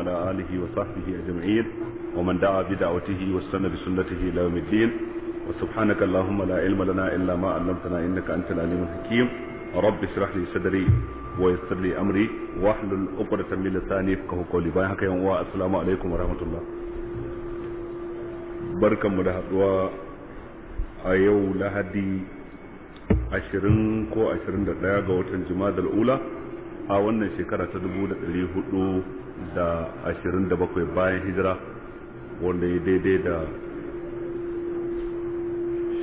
وعلى آله وصحبه أجمعين ومن دعا بدعوته واستنى بسنته إلى يوم الدين وسبحانك اللهم لا علم لنا إلا ما علمتنا إنك أنت العليم الحكيم رب اشرح لي صدري ويسر لي أمري واحلل عقدة من لساني يفقهوا قولي بايعك يوم السلام عليكم ورحمة الله barkan mu da haduwa a yau lahadi 20 ko 21 ga watan jumadal ula a wannan shekara ta 1400 da ashirin da bakwai bayan hijira wanda ya daidai da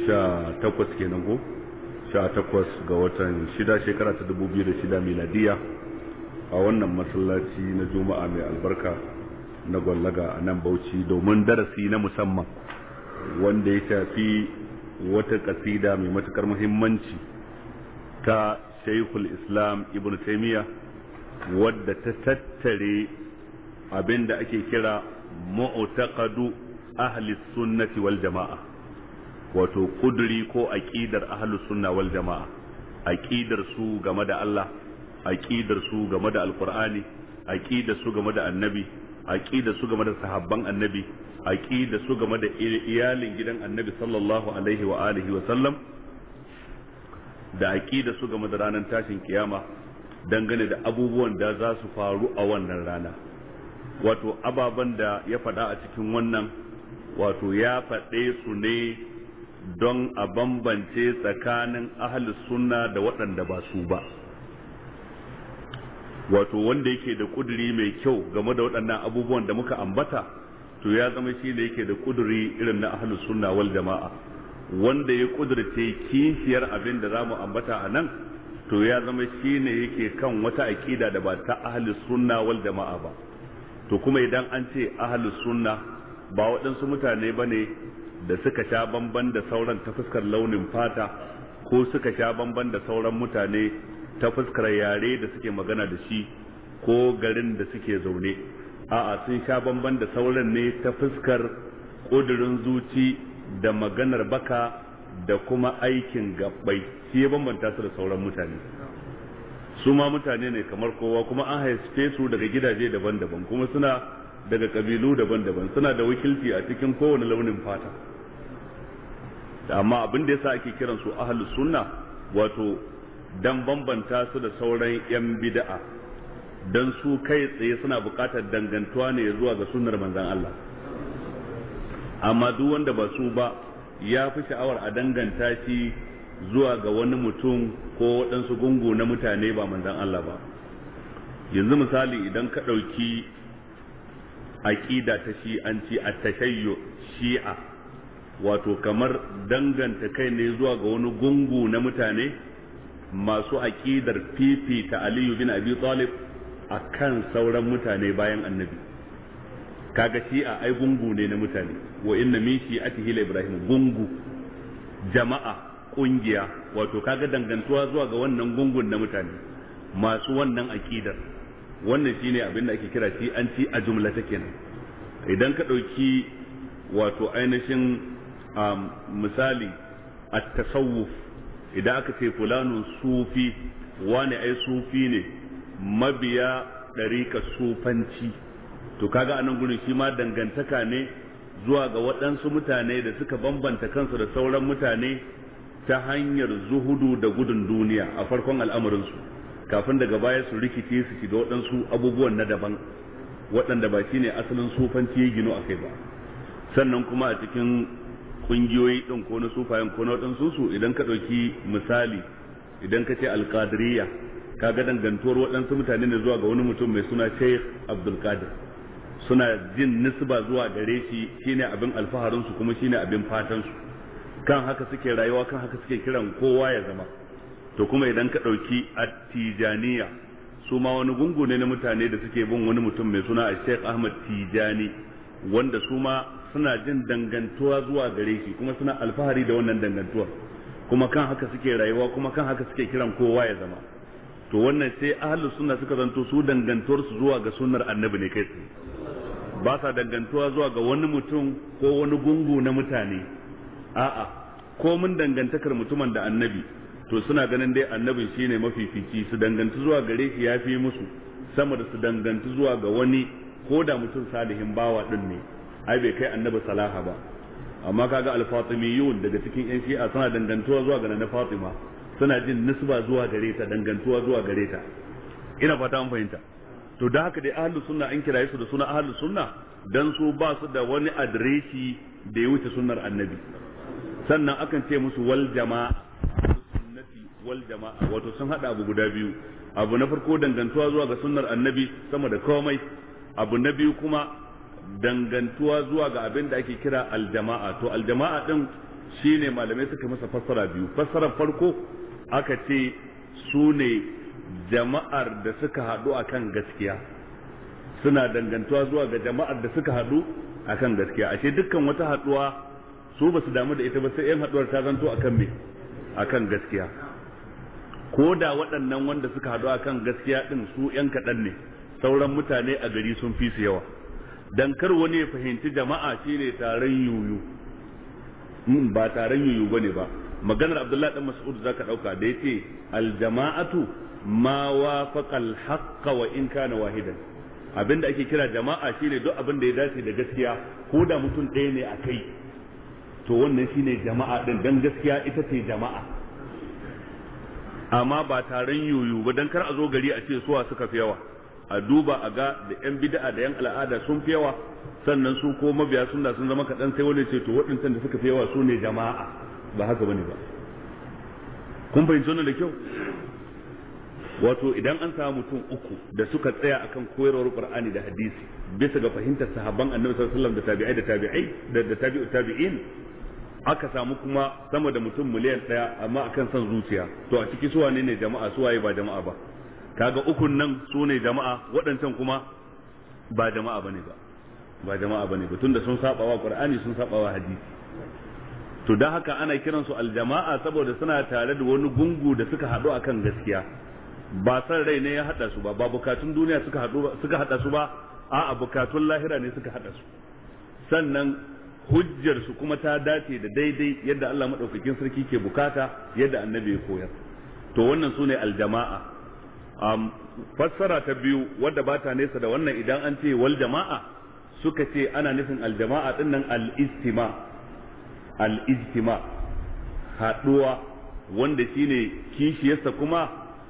sha takwas kenan ko sha takwas ga watan shida shekara ta dubu biyu da shida miladiya a wannan masallaci na juma'a mai albarka na gwallaga a nan bauchi domin darasi na musamman wanda ya shafi wata kasida mai matukar muhimmanci ta shaikul islam ibn taimiyya wadda ta tattare Abin da ake kira mu'taqadu ahli sunnati wal jama'a wato kuduri ko aqidar ahli sunna wal jama'a aqidar su game da Allah aqidar su game da alqur'ani aqidar su game da annabi aqidar su game da sahabban annabi aqidar su game da iyalin gidan annabi sallallahu alaihi wa alihi wa sallam da aqidar su game da ranar tashin kiyama dangane da abubuwan da za su faru a wannan rana wato ababen da ya faɗa a cikin wannan wato ya faɗe su ne don a bambance tsakanin ahli sunna da waɗanda ba su ba wato wanda yake da ƙuduri mai kyau game da waɗannan abubuwan da muka ambata to ya zama shi ne yake da ƙuduri irin na ahli sunna wal jama'a wanda ya ƙudurce kishiyar abin da za mu ambata a nan to ya zama shi ne yake kan wata aƙida da ba ta ahli sunna wal jama'a ba to kuma idan an ce ahalus sunna ba waɗansu mutane ba ne da suka sha bamban da sauran ta fuskar launin fata ko suka sha bamban da sauran mutane ta fuskar yare da suke magana da shi ko garin da suke zaune a'a sun sha bamban da sauran ne ta fuskar ƙudurin zuci da maganar baka da kuma aikin gabbai shi ya bambanta su da sauran mutane su ma mutane ne kamar kowa kuma an haife su daga gidaje daban-daban kuma suna daga kabilu daban-daban suna da wakilci a cikin kowane launin fata amma abin da yasa ake kiran su ahlus sunna wato dan bambanta su da sauran yan bid'a dan su kai tsaye suna buƙatar dangantuwa ne zuwa ga sunnar manzon Allah amma duk wanda ba su ba ya fi sha'awar a danganta shi zuwa ga wani mutum ko waɗansu gungu na mutane ba manzan Allah ba yanzu misali idan ka ɗauki aƙida ta shi'anci a tashayyo shi'a wato kamar danganta kai ne zuwa ga wani gungu na mutane masu aƙidar fifita aliyu bin abi talib a kan sauran mutane bayan annabi kaga shi'a ai gungu ne na mutane wa inna min shi'atihi ibrahim gungu jama'a kungiya wato kaga dangantuwa zuwa ga wannan gungun na mutane masu wannan akidar wannan shine abin da ake kira shi an ci a jumla ta kenan idan ka ɗauki wato ainihin um, misali a tasawuf idan aka ce fulanun sufi wani ai sufi ne mabiya ɗarika sufanci to kaga anan gurin shi ma dangantaka ne zuwa ga waɗansu mutane da suka bambanta kansu da sauran mutane ta hanyar zuhudu da gudun duniya a farkon al'amarinsu kafin daga baya su rikice su shiga waɗansu abubuwan na daban waɗanda ba shine asalin sufanci ya gino a kai ba sannan kuma a cikin ƙungiyoyi ɗin ko na sufayen ko na waɗansu su idan ka ɗauki misali idan ka ce alƙadiriya ka ga dangantuwar waɗansu mutane ne zuwa ga wani mutum mai suna sheikh abdulkadir suna jin nisba zuwa gare shi shine abin alfaharinsu kuma shine abin fatansu kan haka suke rayuwa kan haka suke kiran kowa ya zama to kuma idan ka ɗauki attijaniya su ma wani gungu ne na mutane da suke bin wani mutum mai suna a sheikh ahmad tijani wanda su ma suna jin dangantuwa zuwa gare shi kuma suna alfahari da wannan dangantuwa kuma kan haka suke rayuwa kuma kan haka suke kiran kowa ya zama to wannan sai ahlus sunna suka zanto su dangantuwar su zuwa ga sunnar annabi ne kai tsaye ba sa dangantuwa zuwa ga wani mutum ko wani gungu na mutane a'a ko mun dangantakar mutumin da annabi to suna ganin dai annabin shine mafifici su danganta zuwa gare shi ya fi musu sama da su danganta zuwa ga wani ko da mutum salihin bawa din ne ai bai kai annabi salaha ba amma kaga al-fatimiyun daga cikin yan shi'a suna dangantuwa zuwa ga na fatima suna jin nisba zuwa gare ta dangantuwa zuwa gare ta ina fata an fahimta to da haka dai ahlus sunna an kiraye su da suna ahlus sunna dan su ba su da wani adireshi da ya wuce sunnar annabi sannan akan ce musu wal jama'a sunnati wal jama'a wato sun hada abu guda biyu abu na farko dangantuwa zuwa ga sunnar annabi sama da komai abu na biyu kuma dangantuwa zuwa ga abin da ake kira aljama'a to aljama'a din shine malamai suka masa fassara biyu fassarar farko aka ce su ne jama'ar da suka haɗu akan gaskiya suna dangantuwa zuwa ga jama'ar da suka haɗu akan gaskiya ashe dukkan wata haɗuwa su ba su damu da ita ba sai yan haduwar ta zanto akan me akan gaskiya ko da waɗannan wanda suka haɗu akan gaskiya ɗin su yan kaɗan ne sauran mutane a gari sun fi su yawa dan kar wani ya fahimci jama'a ne taron yuyu hmm, ba taron yuyu bane ba maganar abdullahi dan mas'ud zaka ɗauka. da ya ce aljama'atu ma wafaqa al haqqa wa in kana wahidan abinda ake kira jama'a shine duk abin da ya dace da gaskiya ko da mutum ɗaya ne a kai to wannan shine jama'a din dan gaskiya ita ce jama'a amma ba taron yoyo ba dan kar a zo gari a ce suwa suka fi yawa a duba a ga da yan bid'a da yan al'ada sun fi yawa sannan su ko mabiya suna sun zama kaɗan sai wani ce to waɗancan da suka fi yawa su ne jama'a ba haka bane ba kun fahimci wannan da kyau wato idan an samu mutum uku da suka tsaya akan koyarwar qur'ani da hadisi bisa ga fahimtar sahabban annabi sallallahu alaihi wasallam da tabi'ai da tabi'ai da tabi'u tabi'in aka samu kuma sama da mutum miliyan ɗaya amma akan son zuciya to a ciki suwa ne jama'a waye ba jama'a ba kaga ukun nan su ne jama'a waɗancan kuma ba jama'a bane ba ba jama'a bane ba tunda sun saba wa qur'ani sun saba wa hadisi to dan haka ana kiran su aljama'a saboda suna tare da wani gungu da suka haɗu akan gaskiya ba san rai ne ya haɗa su ba ba bukatun duniya suka haɗu suka haɗa su ba a'a bukatun lahira ne suka haɗa su sannan hujjar su kuma ta dace da daidai yadda Allah madaukakin sarki ke bukata yadda annabi ya koyar to wannan sune aljama'a um, fassara ta biyu wadda ba ta nesa da wannan idan an ce wal jama'a suka ce ana nufin aljama'a din nan al-istima al-istima haduwa wanda shine kishiyarsa kuma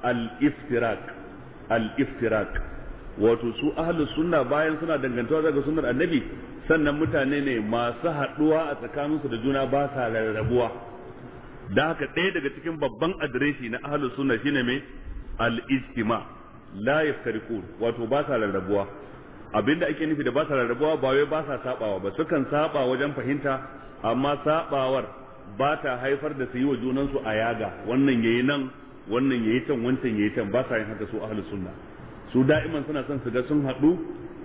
al-iftirak al-iftirak wato su ahlus sunna bayan suna dangantawa daga sunnar annabi sannan mutane ne masu haɗuwa a tsakaninsu da juna ba sa rarrabuwa da haka ɗaya daga cikin babban adireshi na ahlus sunna shine mai al-ijtima la yaftariqun wato ba sa rarrabuwa abinda ake nufi da ba sa rarrabuwa ba wai ba sa sabawa ba sukan saba wajen fahimta amma sabawar ba ta haifar da su yi wa junansu a yaga wannan yayi nan wannan yayi can wancan yayi can ba sa yin haka su ahalus sunna su da'iman suna son su ga sun haɗu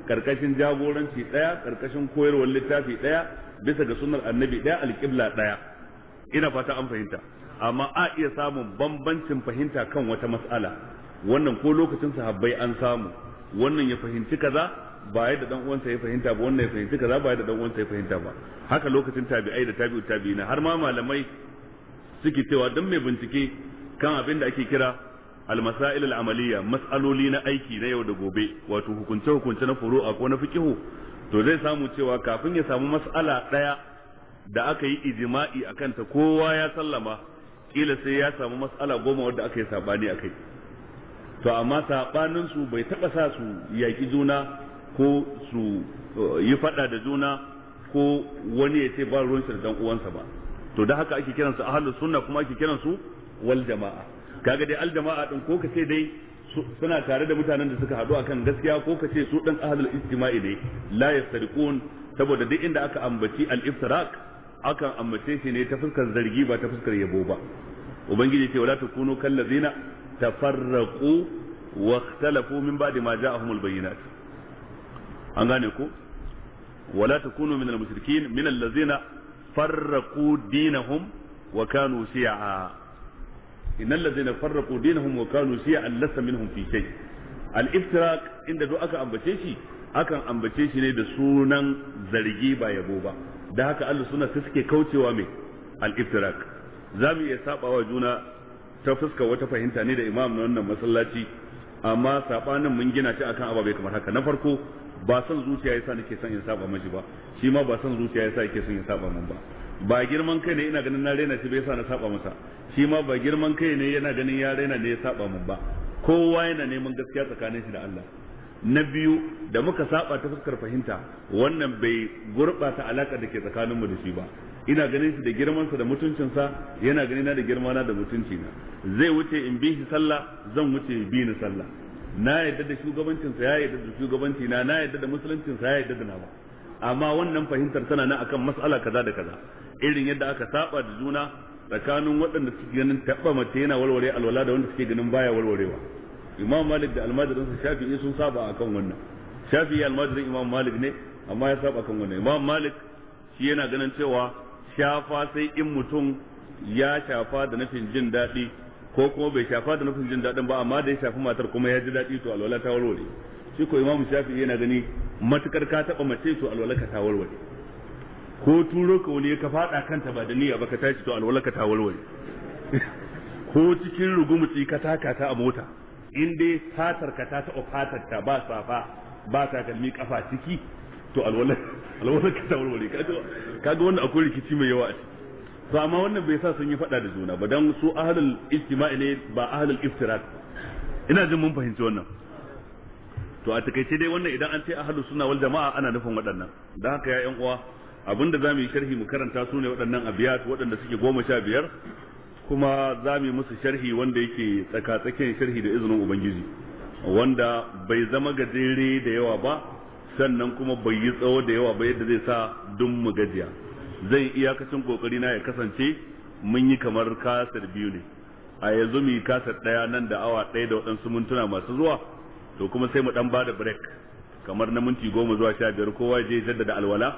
karkashin jagoranci daya karkashin koyarwar littafi daya bisa ga sunnar annabi daya alqibla daya ina fata an fahimta amma a iya samun bambancin fahimta kan wata mas'ala wannan ko lokacin sahabbai an samu wannan ya fahimci kaza ba da dan uwansa ya fahimta ba wannan ya fahimci kaza ba da dan uwansa ya fahimta ba haka lokacin tabi'ai da tabi'u tabi'ina har ma malamai suke cewa dan mai bincike kan abin da ake kira almasail amaliya mas'aloli na aiki na yau da gobe wato hukunce hukunce na furu'a ko na fiqihu to zai samu cewa kafin ya samu mas'ala ɗaya da aka yi ijima'i akan ta kowa ya sallama kila sai ya samu mas'ala goma wadda aka yi sabani akai to amma saɓaninsu bai taɓa sa su yaki juna ko su eh, yi faɗa da juna ko wani ya ce ba ruwan shi da dan uwansa ba to da haka ake kiransu ahlus sunna kuma ake kiransu wal jama'a kaga dai al jama'a din ko ka ce dai suna tare da mutanen da suka haɗu akan gaskiya ko ka ce su ɗan ahlul istima'i ne la yastariqun saboda duk inda aka ambaci al iftiraq akan ambace shi ne ta fuskar zargi ba ta fuskar yabo ba ubangiji ce wala takunu kallazina tafarraqu wa ikhtalafu min ba'di ma ja'ahumul bayyinat an gane ko wala takunu minal mushrikin minal ladzina farraqu dinahum wa kanu shi'a innal ladzina farraqu dinahum wa kanu shi'an lasta minhum fi shay al iftiraq inda duk aka ambace shi akan ambace shi ne da sunan zargi ba yabo ba da haka Allah suna ta suke kaucewa mai al iftiraq za mu iya sabawa juna ta fuska wata fahimta ne da imam na wannan masallaci amma sabanin mun gina shi akan ababe kamar haka na farko ba son zuciya yasa nake son in saba mashi ba shi ma ba son zuciya yasa yake son in saba mun ba ba girman kai ne ina ganin na raina shi bai sa na saba masa shi ma ba girman kai ne yana ganin ya raina ne ya saba mun ba kowa yana neman gaskiya tsakanin shi da Allah na biyu da muka saba ta fuskar fahimta wannan bai gurbata alaka da ke tsakanin mu da shi ba ina ganin shi da girman sa da mutuncinsa yana ganina da girma na da mutuncina zai wuce in bi shi sallah zan wuce bi ni sallah na yadda da shugabancinsa ya yadda da shugabanci na na yadda da musuluncinsa ya yadda da ba amma wannan fahimtar tana nan akan mas'ala kaza da kaza irin yadda aka saba da juna tsakanin waɗanda suke ganin taɓa mace yana walware alwala da wanda suke ganin baya walwarewa imam malik da almajirinsa shafi'i sun saba akan wannan ya almajirin imam malik ne amma ya saba akan wannan imam malik shi yana ganin cewa shafa sai in mutum ya shafa da nufin jin daɗi ko kuma bai shafa da nufin jin daɗin ba amma da ya shafi matar kuma ya ji daɗi to alwala ta walware shi ko imamu shafi'i yana gani matukar ka taba mace to alwalaka ta warware ko turo ka wani ka fada kanta ba da niyya ba ka tashi to alwalaka ta warware ko cikin rugumuci ka taka ta a mota in dai fatar ka ta taɓa fatar ta ba safa ba takalmi kafa ciki to alwalaka ta warware ka kaga wannan akwai rikici mai yawa a ciki to amma wannan bai sa sun yi fada da juna ba dan su ahlul istima'i ne ba ahlul iftirak ina jin mun fahimci wannan to a takaice dai wannan idan an ce ahlu sunna wal jama'a ana nufin waɗannan dan haka ya yan uwa abinda zamu yi sharhi mu karanta su ne waɗannan abiyat waɗanda suke goma sha biyar kuma zamu yi musu sharhi wanda yake tsaka-tsakin sharhi da izinin ubangiji wanda bai zama gajere da yawa ba sannan kuma bai yi tsawo da yawa ba yadda zai sa dun mu gajiya zai iyakacin kokari na ya kasance mun yi kamar kasar biyu ne a yanzu mu yi kasar ɗaya nan da awa ɗaya da waɗansu mintuna masu zuwa to kuma sai mu dan ba da break kamar na minti goma zuwa sha biyar kowa je jaddada alwala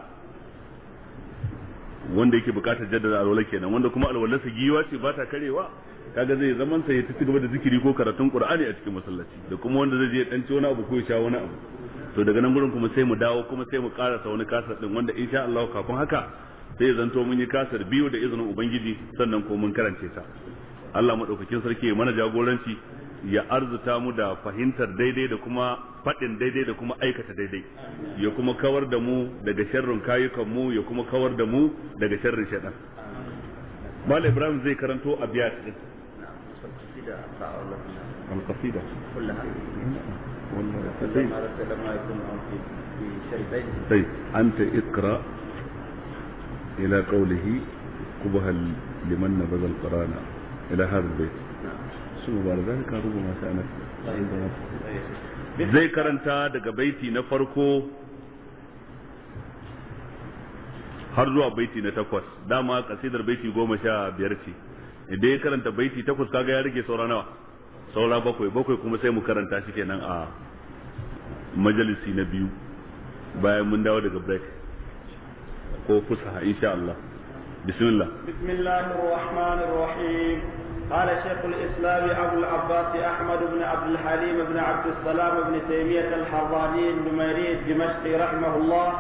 wanda yake bukatar jaddada alwala kenan wanda kuma alwalarsa giwa ce ba ta karewa kaga zai zaman sa ya ci gaba da zikiri ko karatun qur'ani a cikin masallaci da kuma wanda zai je dan ci wani abu ko ya sha wani abu to daga nan gurin kuma sai mu dawo kuma sai mu karasa wani kasar din wanda insha Allah kafin haka sai zanto mun yi kasar biyu da izinin ubangiji sannan ko mun karance ta Allah madaukakin sarki mana jagoranci ya arzuta mu da fahimtar daidai da kuma faɗin daidai da kuma aikata daidai ya kuma kawar da mu daga sharrin kayukan mu ya kuma kawar da mu daga sharrin shaɗan Malam Ibrahim zai karanto a biya ɗin. القصيدة كلها طيب أنت اقرأ إلى قوله قبها لمن نبذ القرآن إلى هذا البيت su mubarak zaka ka rubu masu anas zai karanta daga baiti na farko har zuwa baiti na takwas dama kasidar baiti goma sha biyar ce idan ya karanta baiti takwas kaga ya rage saura nawa saura bakwai bakwai kuma sai mu karanta shi kenan a majalisi na biyu bayan mun dawo daga break ko kusa insha Allah bismillah bismillahir rahmanir rahim قال شيخ الإسلام أبو العباس أحمد بن عبد الحليم بن عبد السلام بن تيمية الحراني النميري الدمشقي رحمه الله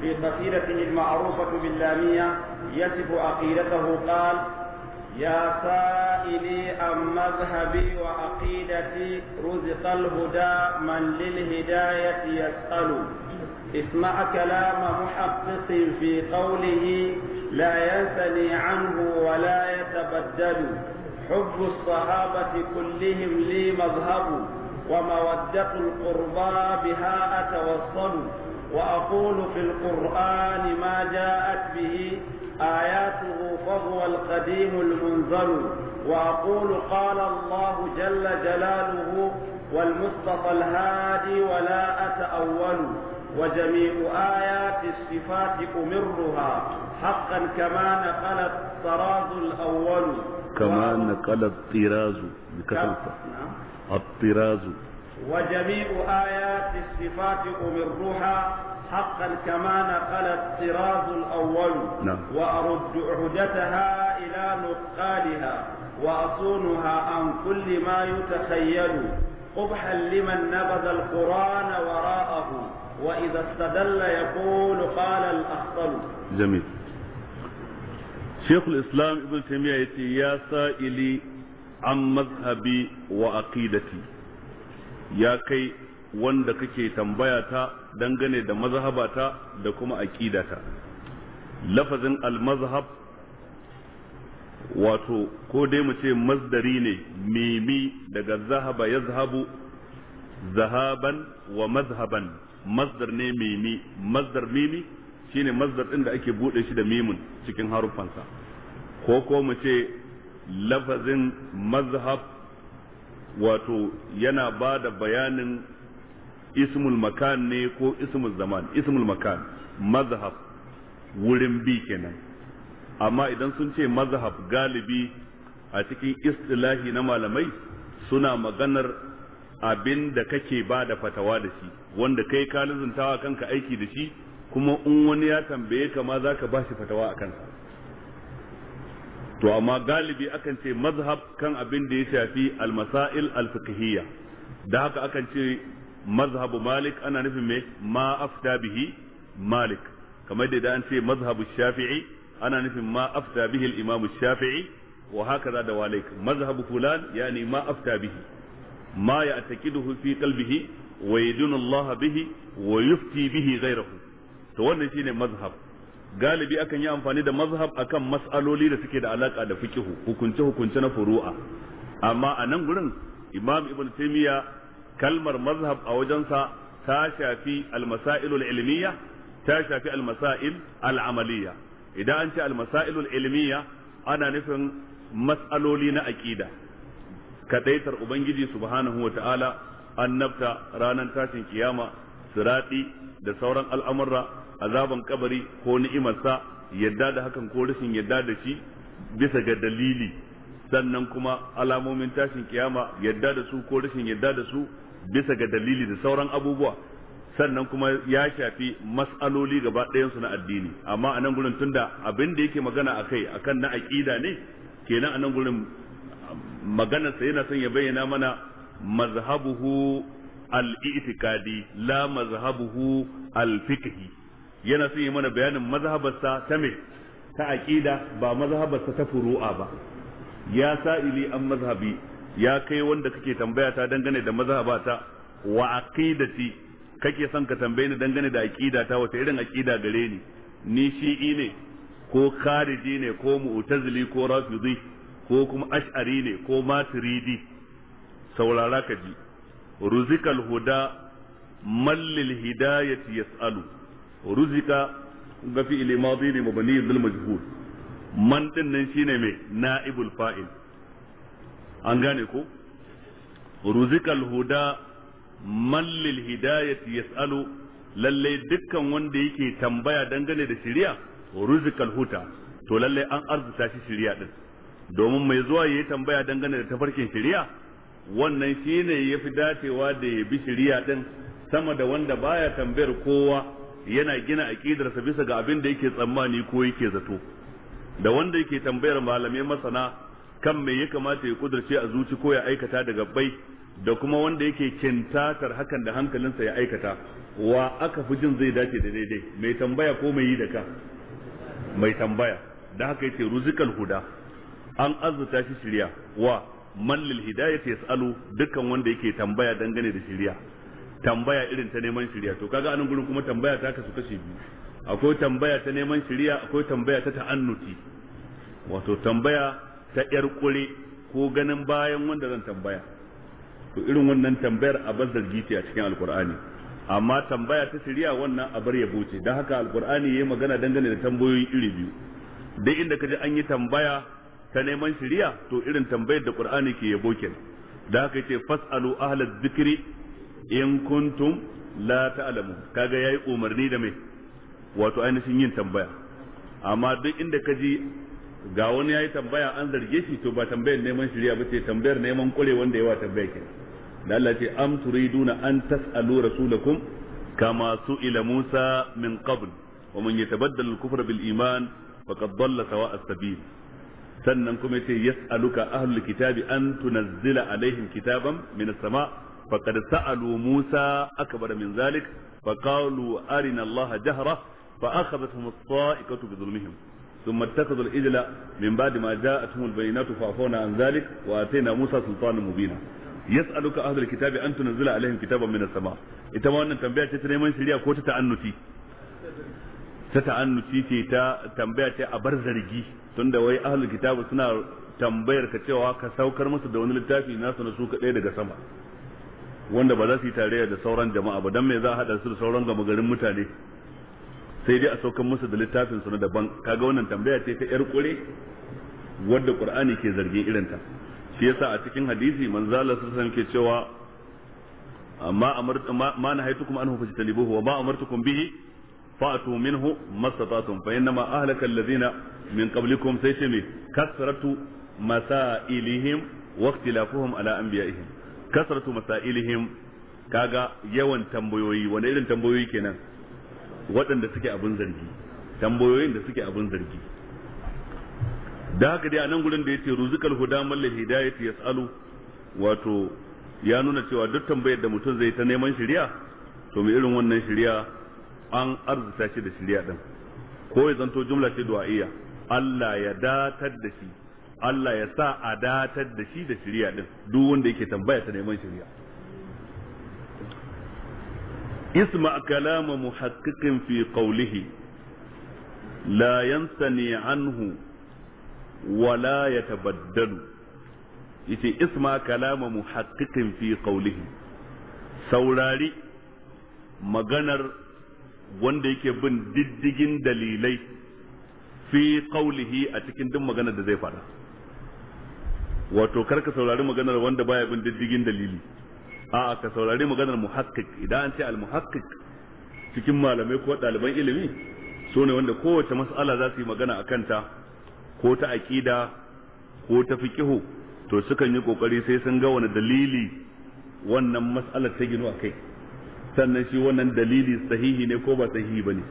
في قصيدته المعروفة باللامية يصف عقيدته قال يا سائلي عن مذهبي وعقيدتي رزق الهدى من للهداية يسأل اسمع كلام محقق في قوله لا ينثني عنه ولا يتبدل حب الصحابة كلهم لي مذهب ومودة القربى بها أتوصل وأقول في القرآن ما جاءت به آياته فهو القديم المنزل وأقول قال الله جل جلاله والمصطفى الهادي ولا أتأول وجميع آيات الصفات أمرها حقا كما نقلت الطراز الأول كما نقل الطراز بكثرة نعم. الطراز وجميع آيات الصفات أمروها حقا كما نقل الطراز الأول نعم. وأرد عهدتها إلى نقالها وأصونها عن كل ما يتخيل قبحا لمن نبذ القرآن وراءه وإذا استدل يقول قال الأخطل جميل shekul islam ibn taimiyya ya ce ya sa'ili an mazhabi wa aqidati ya kai wanda kake tambaya ta dangane da mazhabata da kuma aƙidata, lafazin al-mazhab wato ko dai mu ce masdari ne mimi daga zahaba yazhabu zahaban wa mazhaban masdar ne mimi masdar mimi shine masdar din da ake bude shi da mimun cikin haruffansa ko ko mu ce lafazin mazhab wato yana ba da bayanin ismul makan ne ko ismul zaman ismul makan mazhab wurin bi kenan amma idan sun ce mazhab galibi a cikin istilahi na malamai suna maganar abin da kake bada fatawa da shi wanda kai ka lizuntawa kanka aiki da shi kuma in wani ya tambaye ka ma zaka ba shi fatawa akan kansa to amma galibi akan ce mazhab kan abin da ya shafi al-masail al da haka akan ce mazhabu malik ana nufin me ma afta bihi malik kamar da da an ce mazhabu shafi'i ana nufin ma afta bihi al-imam shafi'i wa hakaza da walik mazhabu fulan yani ma afta bihi ma ya'taqiduhu fi qalbihi wa yadunu Allah bihi wa yufti bihi ghayrahu to wannan shine mazhab galibi akan yi amfani da mazhab akan mas'aloli da suke da alaka da fiqhu hukunce hukunce na furu'a amma a nan gurin imam ibn taymiya kalmar mazhab a wajensa ta shafi al-masail al-ilmiyya ta shafi al-masail al idan an ce al-masail al-ilmiyya ana nufin mas'aloli na aqida kadaitar ubangiji subhanahu wata'ala annabta ranar tashin kiyama sirati da sauran al'amurra azaban kabari ko ni'imarsa yadda da hakan ko rashin yadda da shi bisa ga dalili sannan kuma alamomin tashin kiyama yadda da su ko rashin yadda da su bisa ga dalili da sauran abubuwa sannan kuma ya shafi mas'aloli gaba ɗayansu na addini amma a nan gurin tunda abin da yake magana a kai akan na aƙida ne kenan a nan gurin maganarsa yana son ya bayyana mana mazhabuhu al-i'tiqadi la mazhabuhu al-fiqhi yana son yi mana bayanin mazhabarsa ta me ta aqida ba mazhabarsa ta furu'a ba ya sa'ili an mazhabi ya kai wanda kake tambaya ta dangane da mazhabata wa aqidati kake son ka tambaye ni dangane da aqida ta wata irin aqida gare ni ni shi'i ne ko khariji ne ko mu'tazili ko rafidi ko kuma ash'ari ne ko maturidi saurara ka ji ruzikal huda mallil hidayati yas'alu ruzika ga fi'il madi ne mabni lil majhul man din nan ne mai na'ibul fa'il an gane ko ruzikal huda man lil hidayati yas'alu lalle dukkan wanda yake tambaya dangane da shari'a ruzikal huta to lalle an arzuta shi shiriya din domin mai zuwa yayi tambaya dangane da tafarkin shiriya, wannan shine yafi dacewa da ya bi shiriya din sama da wanda baya tambayar kowa yana gina aƙidarsa bisa ga abin da yake tsammani ko yake zato da wanda yake tambayar malamai masana kan me ya kamata ya kudurce a zuci ko ya aikata daga bai da kuma wanda yake kintatar hakan da hankalinsa ya aikata wa aka fi jin zai dace da daidai mai tambaya ko mai yi da ka mai tambaya da haka yace ruzikal huda an azurta shi shirya wa man lil hidayati yasalu dukkan wanda yake tambaya dangane da shirya tambaya irin ta neman shirya to kaga anan gurin kuma tambaya ta kasu kashe biyu akwai tambaya ta neman shirya akwai tambaya ta ta'annuti wato tambaya ta yar kure ko ganin bayan wanda zan tambaya to irin wannan tambayar a bar zargiti a cikin alkur'ani amma tambaya ta shirya wannan a bar ya buce don haka alkur'ani yayi magana dangane da tambayoyi iri biyu dai inda kaji an yi tambaya ta neman shirya to irin tambayar da qur'ani ke yabo kenan da haka yace fasalu ahlaz zikri in kuntum la ta'lamu kaga yayi umarni da mai wato ainihin yin tambaya amma duk inda ka ji ga wani yayi tambaya an zarge shi to ba tambayar neman shirya ba ce tambayar neman kure wanda yawa tambaya ke da Allah ce am turiduna an tas'alu rasulakum kama su'ila Musa min qabl wa man yatabaddal al-kufra bil iman faqad dalla sawa'a as-sabil sannan kuma yace yas'aluka ahlul kitabi an tunazzila alaihim kitaban min as-sama' faqad sa'alu Musa akbar min zalik faqalu arina Allah jahra fa akhadathum as-sa'iqatu bi ثم اتخذوا الإجل من بعد ما جاءتهم البينات فعفونا عن ذلك وآتينا موسى سلطانا مبينا يسألك أهل الكتاب أن تنزل عليهم كتابا من السماء ita wannan tambaya ce ta neman ko ta ta'annuti ta ta'annuti ce ta tambaya ce a bar zargi tunda wai ahlul kitabu suna tambayar ka cewa ka saukar masa da wani littafi nasu na su kaɗai daga sama wanda ba za su yi tarayya da sauran jama'a ba dan me za a hada su da sauran gama garin mutane sai dai a saukan musu da littafin su na daban kaga wannan tambaya ce ta yar kure wadda qur'ani ke zargin ta shi yasa a cikin hadisi manzo Allah sallallahu ke cewa amma amartu ma nahaytukum anhu fajtanibuhu wa ma amartukum bihi fa'tu minhu masatatum fa inma ahlaka alladhina min qablikum sai me kasratu masailihim wa ikhtilafuhum ala anbiya'ihim kasratu masailihim kaga yawan tambayoyi wani irin tambayoyi kenan waɗanda suke abin zargi tambayoyin da suke abin zargi da haka dai a nan gurin da yace ruzukal huda mal hidayati yasalu wato ya nuna cewa duk tambayar da mutum zai ta neman shari'a to mai irin wannan shari'a an arzuta shi da shari'a din ko ya zanto jumla ce du'a'iyya Allah ya datar da shi Allah ya sa a datar da shi da shirya ɗin duk wanda yake tambaya ta neman shirya isma kalama muhaqqiqin fi qawlihi la yansani anhu wala yatabaddalu yace isma kalama muhaqqiqin fi qawlihi saurari maganar wanda yake bin diddigin dalilai fi qawlihi a cikin duk maganar da zai faɗa wato kar ka saurari maganar wanda baya bin diddigin dalili a'a ka saurari maganar muhakkik idan an ce al-muhakkik cikin malamai ko ɗaliban ilimi so ne wanda kowace mas'ala za su yi magana a kanta ko ta aƙida ko ta fiqihu to sukan yi kokari sai sun ga wani dalili wannan mas'alar ta ginu akai, kai sannan shi wannan dalili sahihi ne ko ba sahihi bane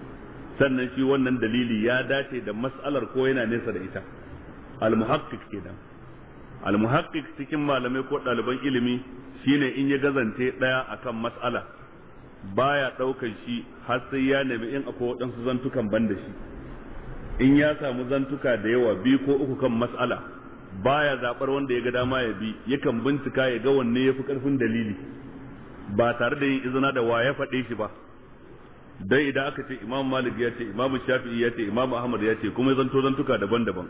sannan shi wannan dalili ya dace da mas'alar ko yana nesa da ita al muhakkik kenan almuhaqqiq cikin malamai ko ɗaliban ilimi shine in ya gazance ɗaya akan mas'ala baya ɗaukan shi har sai ya nemi in akwai waɗansu zantukan ban da shi in ya samu zantuka da yawa bi ko uku kan mas'ala baya zaɓar wanda ya ga dama ya bi yakan bincika ya ga wanne yafi fi ƙarfin dalili ba tare da yin izina da wa ya faɗe shi ba dai idan aka ce imam malik ya ce imam shafi'i ya ce imam ahmad ya ce kuma zanto zantuka daban-daban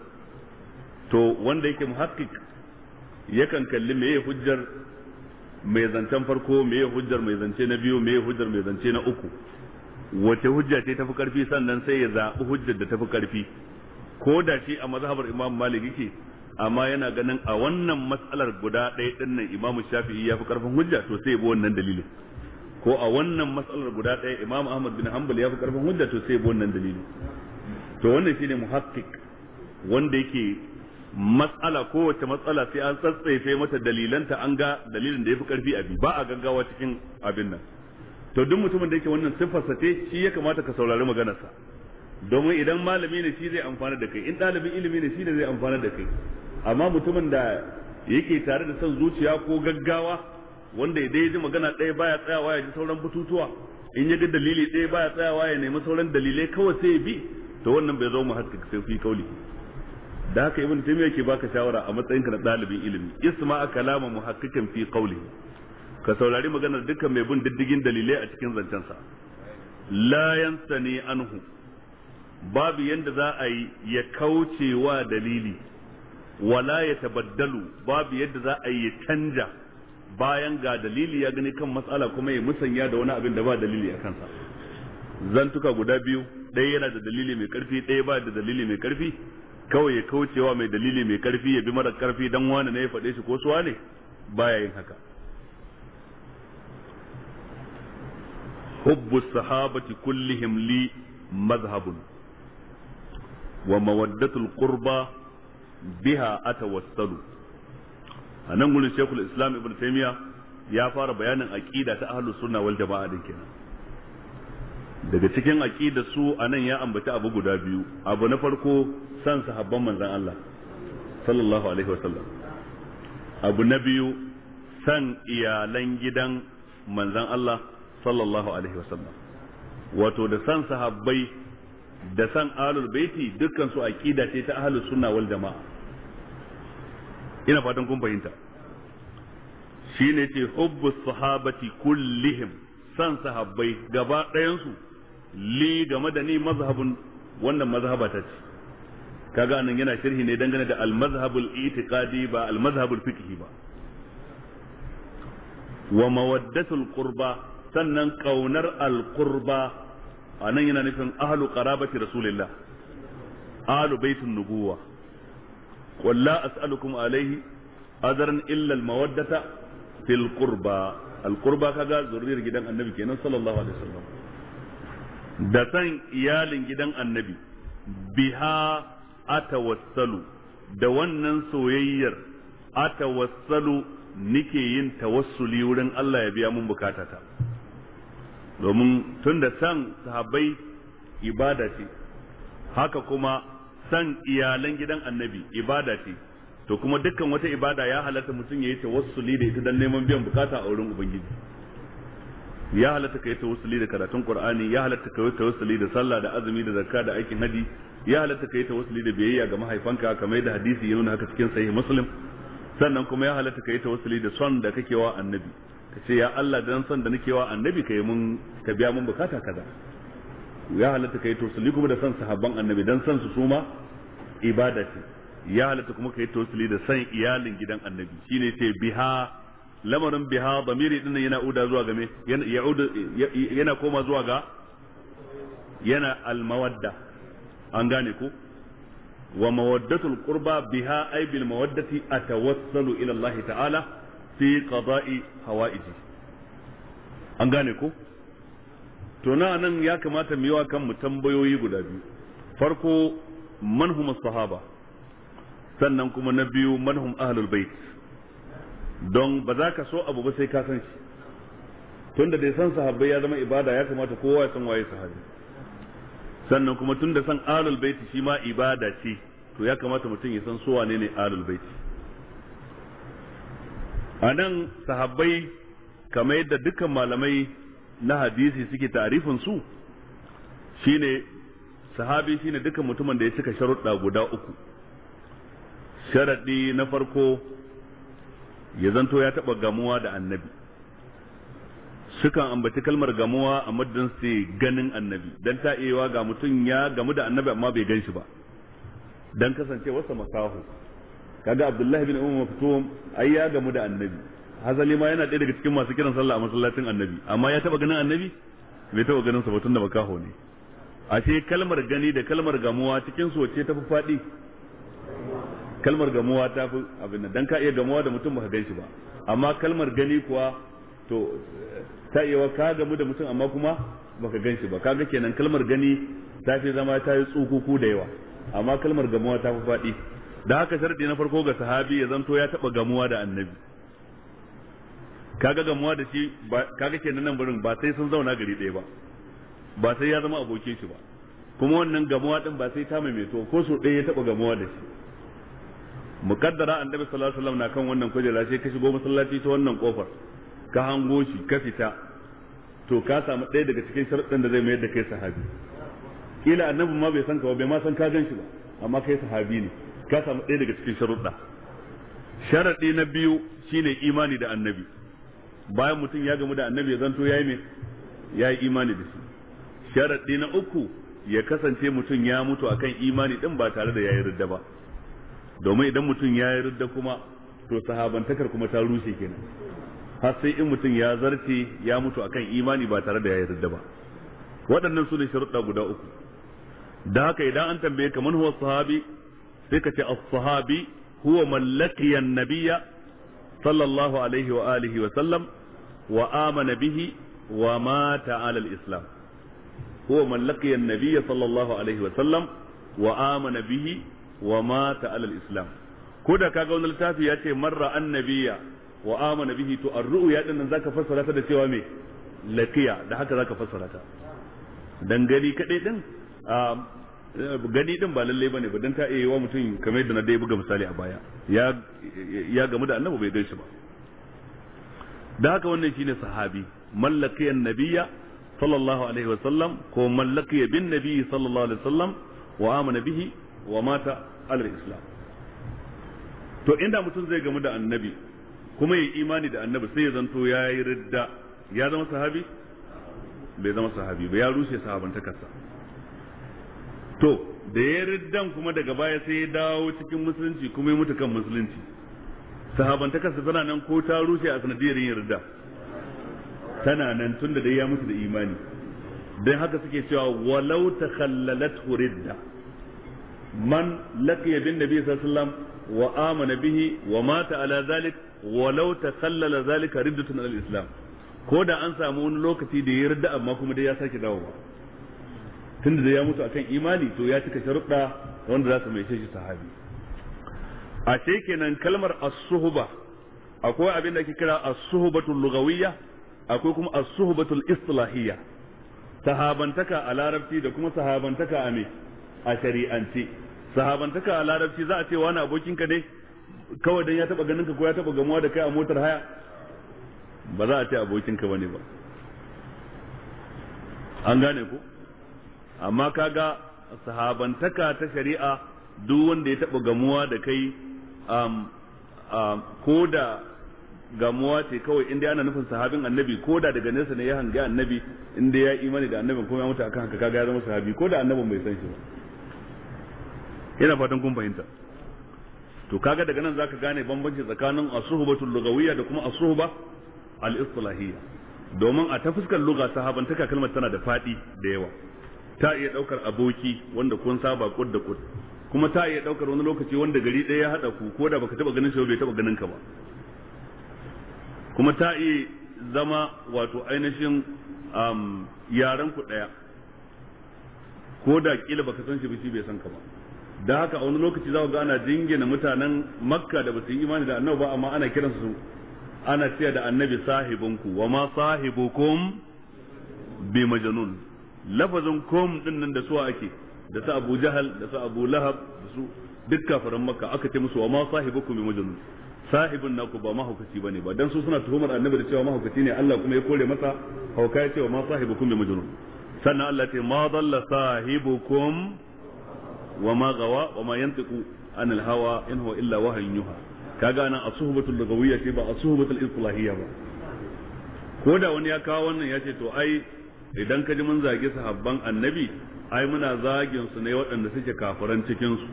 to wanda yake muhaqqiq yakan kalli me ya hujjar mai zancen farko me ya hujjar mai zance na biyu me ya hujjar mai zance na uku wace hujja ce tafi karfi sannan sai ya zaɓi hujjar da tafi karfi ko da shi a mazhabar imam malik yake amma yana ganin a wannan matsalar guda ɗaya ɗin nan imam shafi'i ya fi karfin hujja to sai ya bi wannan dalilin ko a wannan matsalar guda ɗaya imam ahmad bin hanbal ya fi karfin hujja to sai ya bi wannan dalilin to wannan shine muhaqqiq wanda yake matsala kowace matsala sai an tsatsaife mata dalilanta an ga dalilin da ya fi karfi a ba a gaggawa cikin abin nan to duk mutumin da yake wannan siffarsa ce shi ya kamata ka saurari maganarsa domin idan malami ne shi zai amfana da kai in ɗalibin ilimi ne shi ne zai amfana da kai amma mutumin da yake tare da son zuciya ko gaggawa wanda idan ya ji magana ɗaya baya tsayawa ya ji sauran bututuwa in ya ga dalili ɗaya baya tsayawa ya nemi sauran dalilai kawai sai ya bi to wannan bai zo mu haskaka sai fi kauli da haka ibn taymiya yake baka shawara a matsayin ka na ɗalibin ilimi isma kalama muhaqqiqan fi kauli. ka saurari maganar dukkan mai bin diddigin dalilai a cikin zancensa la yansani anhu babu yanda za a yi ya kauce wa dalili wala ya tabaddalu babu yadda za a yi ya canja bayan ga dalili ya gani kan matsala kuma ya musanya da wani abin da ba dalili a kansa zantuka guda biyu ɗaya yana da dalili mai karfi ɗaya ba da dalili mai karfi kawai ya kaucewa mai dalili mai karfi ya bi mara karfi dan wani ne ya faɗe shi ko suwa ne baya yin haka hubbu sahabati kullihim li mazhabun wa mawaddatul qurba biha atawassalu a nan gurin shekul islam ibn taymiya ya fara bayanin aqida ta ahlus sunna wal jama'a din kenan daga cikin aqida su anan ya ambaci abu guda biyu abu na farko san sahabban manzon Allah sallallahu alaihi wasallam abu na biyu san iyalan gidan manzon Allah sallallahu alaihi wasallam wato da san sahabbai da san alul baiti dukkan su aqida ce ta ahlus sunna wal jamaa ina fatan kun fahimta shine ce hubbus sahabati kullihim san sahabbai gaba ɗayan su li game da ni mazhabun wannan mazhaba ta ce kaga nan yana sharhi ne dangane da al-mazhabul itiqadi ba al-mazhabul fiqhi ba wa mawaddatul qurba sannan kaunar al-qurba anan yana nufin ahlu qarabati rasulillah ahlu baitin nubuwa qul la as'alukum alaihi ajran illa al-mawaddata fil qurba al-qurba kaga zurriyar gidan annabi kenan sallallahu alaihi wasallam da san iyalin gidan annabi biha atawassalu da wannan soyayyar atawassalu nike yin tawassuli wurin Allah ya biya mun bukatata domin tun da san sahabbai ibada ce haka kuma san iyalan gidan annabi ibada ce to kuma dukkan wata ibada ya halatta mutum ya yi tawassuli da ita don neman biyan bukata a wurin ubangiji ya halatta kai tawassuli da karatun qur'ani ya halatta kai tawassuli da sallah da azumi da zakka da aikin haji ya halatta kai tawassuli da biyayya ga mahaifanka kamar yadda hadisi ya nuna haka cikin sahih muslim sannan kuma ya halatta kai tawassuli da son da kake wa annabi ka ce ya Allah dan son da nake wa annabi kai mun ka biya mun bukata kaza ya halatta kai tawassuli kuma da son sahabban annabi dan son su suma ibada ce ya halatta kuma kai tawassuli da son iyalin gidan annabi shine ce biha lamarin biha damiri din yana uda zuwa ga me yana koma zuwa ga yana almawadda an gane ku wa mawaddatul qurba biha ay bil mawaddati atawassalu ila Allah ta'ala fi qada'i hawaiji an gane ku to na nan ya kamata mu yi wa kanmu tambayoyi guda biyu farko manhum sahaba sannan kuma na biyu manhum ahlul bait don ba za ka so abu ba sai ka san shi tunda da san sahabbai ya zama ibada ya kamata kowa ya san waye sahabi sannan kuma tunda san alul baiti shi ma ibada ce to ya kamata mutum ya san so wane ne alul baiti a nan sahabbai kamar yadda dukkan malamai na hadisi suke tarifin su shine sahabi shine dukkan mutumin da ya cika sharuɗa guda uku sharaɗi na farko ya zanto ya taɓa gamuwa da annabi sukan ambaci kalmar gamuwa a madadin su ganin annabi dan ta iyawa ga mutum ya gamu da annabi amma bai gan shi ba dan kasance wasa masahu kaga abdullahi bin umar maktum ai ya gamu da annabi hazali ma yana ɗaya daga cikin masu kiran sallah a masallacin annabi amma ya taɓa ganin annabi bai taɓa ganin sa ba tun da makaho ne ashe kalmar gani da kalmar gamuwa cikin su ta fi faɗi kalmar gamuwa ta fi abin nan dan ka iya gamuwa da mutum ba ka shi ba amma kalmar gani kuwa to ta iya ka gamu da mutum amma kuma baka gan shi ba kaga kenan kalmar gani ta fi zama ta yi tsukuku da yawa amma kalmar gamuwa ta fi faɗi da haka sharadi na farko ga sahabi ya zanto ya taɓa gamuwa da annabi kaga gamuwa da shi kaga kenan nan burin ba sai sun zauna gari ɗaya ba ba sai ya zama abokin shi ba kuma wannan gamuwa din ba sai ta maimaito ko so ɗaya ya taɓa gamuwa da shi mukaddara annabi sallallahu alaihi wasallam na kan wannan kujera sai ka shigo masallaci ta wannan kofar ka hango shi ka fita to ka samu ɗaya daga cikin sharuɗin da zai mayar da kai sahabi kila annabi ma bai san ka ba bai ma san ka gan shi ba amma kai sahabi ne ka samu ɗaya daga cikin sharuɗa sharaɗi na biyu shine imani da annabi bayan mutum ya gamu da annabi ya zanto yayi me yayi imani da shi sharaɗi na uku ya kasance mutum ya mutu akan imani din ba tare da yayi ridda ba domin idan mutum ya yi ridda kuma to sahabantakar kuma ta rushe kenan har sai in mutum ya zarce ya mutu akan imani ba tare da ya yi ridda ba waɗannan su ne sharuɗa guda uku da haka idan an tambaye kamar huwa sahabi sai ka ce as-sahabi huwa mallakiyan nabiyya sallallahu alaihi wa alihi wa sallam wa amana bihi wa mata ala al-islam huwa mallakiyan nabiyya sallallahu alaihi wa sallam wa amana bihi wa mata alal islam ko da kaga wani littafi ya ce marra annabiya wa amana bihi to arru'u ya dinnan zaka fassara ta da cewa me lafiya da haka zaka fassara ta dan gani kadai din gani din ba lalle bane ba dan ta iya wa mutum kamar da na dai buga misali a baya ya ya gamu da annabi bai gaishe ba da haka wannan shine sahabi mallakiyan nabiyya sallallahu alaihi wa sallam ko mallakiya bin nabiyyi sallallahu alaihi sallam wa amana bihi wa mata al islam to inda mutum zai gamu da annabi kuma ya imani da annabi sai ya zanto ya yi ridda ya zama sahabi bai zama sahabi ba ya rushe sahabantakarsa to da ya riddan kuma daga baya sai ya dawo cikin musulunci kuma ya mutu kan musulunci sahabantakarsa tana nan ko ta rushe a sanadiyar yin ridda tana nan tun da dai ya mutu da imani don haka suke cewa walau takhallalat ridda man laqiya bin nabi sallallahu alaihi wa amana bihi wa mata ala zalik walau takhallala zalika riddatun al islam ko da an samu wani lokaci da ya yarda amma kuma dai ya sake dawowa tunda da ya mutu akan imani to ya cika sharuɗa wanda za su mai shi sahabi a ce kenan kalmar as-suhba akwai abin da ake kira as-suhbatul lugawiyya akwai kuma as-suhbatul istilahiyya sahabantaka a larabci da kuma sahabantaka a me a shari'ance sahabantaka a larabci za a ce wani abokinka ne kawai dan ya taba ganin ka ko ya taba gamuwa da kai a motar haya ba za a ce abokinka bane ba an gane ku amma kaga sahabantaka ta shari'a duk wanda ya taba gamuwa da kai ko da gamuwa ce kawai inda ana nufin sahabin annabi ko da daga nesa ne ya hangi annabi inda ya imani da annabin kuma ya mutu akan haka kaga ya zama sahabi ko da annabin bai san shi ba yana fatan kun fahimta to kaga daga nan zaka gane bambanci tsakanin as lugawiyya da kuma as al-istilahiyya domin a ta fuskar lugha sahabantaka kalmar tana da fadi da yawa ta iya daukar aboki wanda kun saba kud da kud kuma ta iya daukar wani lokaci wanda gari daya ya hada ku ko da baka taba ganin shi bai taba ganin ka ba kuma ta iya zama wato ainihin um, yaran ku ɗaya ko da kila baka san shi ba shi bai san ka ba da haka a wani lokaci za ku ga ana jingina mutanen makka da basu yi imani da annabi ba amma ana kiransu ana cewa da annabi sahibinku wa ma sahibukum bi majnun lafazin kum din nan da su ake da su Abu Jahal da su Abu Lahab da su duk kafaran makka aka ce musu wa ma sahibukum bi majnun sahibin naku ba mahaukaci bane ba dan su suna tuhumar annabi da cewa mahaukaci ne Allah kuma ya kore masa hauka ya ce wa ma sahibukum bi majnun sannan Allah ce ma dalla sahibukum wa ma gawa wa ma yantiqu an al-hawa in huwa illa wahyun yuha kaga nan asuhubatul suhbatul lugawiyya ce ba asuhubatul suhbatul ba ko da wani ya kawo wannan ya ce to ai idan ka ji mun zage sahabban annabi ai muna zagin su ne waɗanda suke kafiran cikin su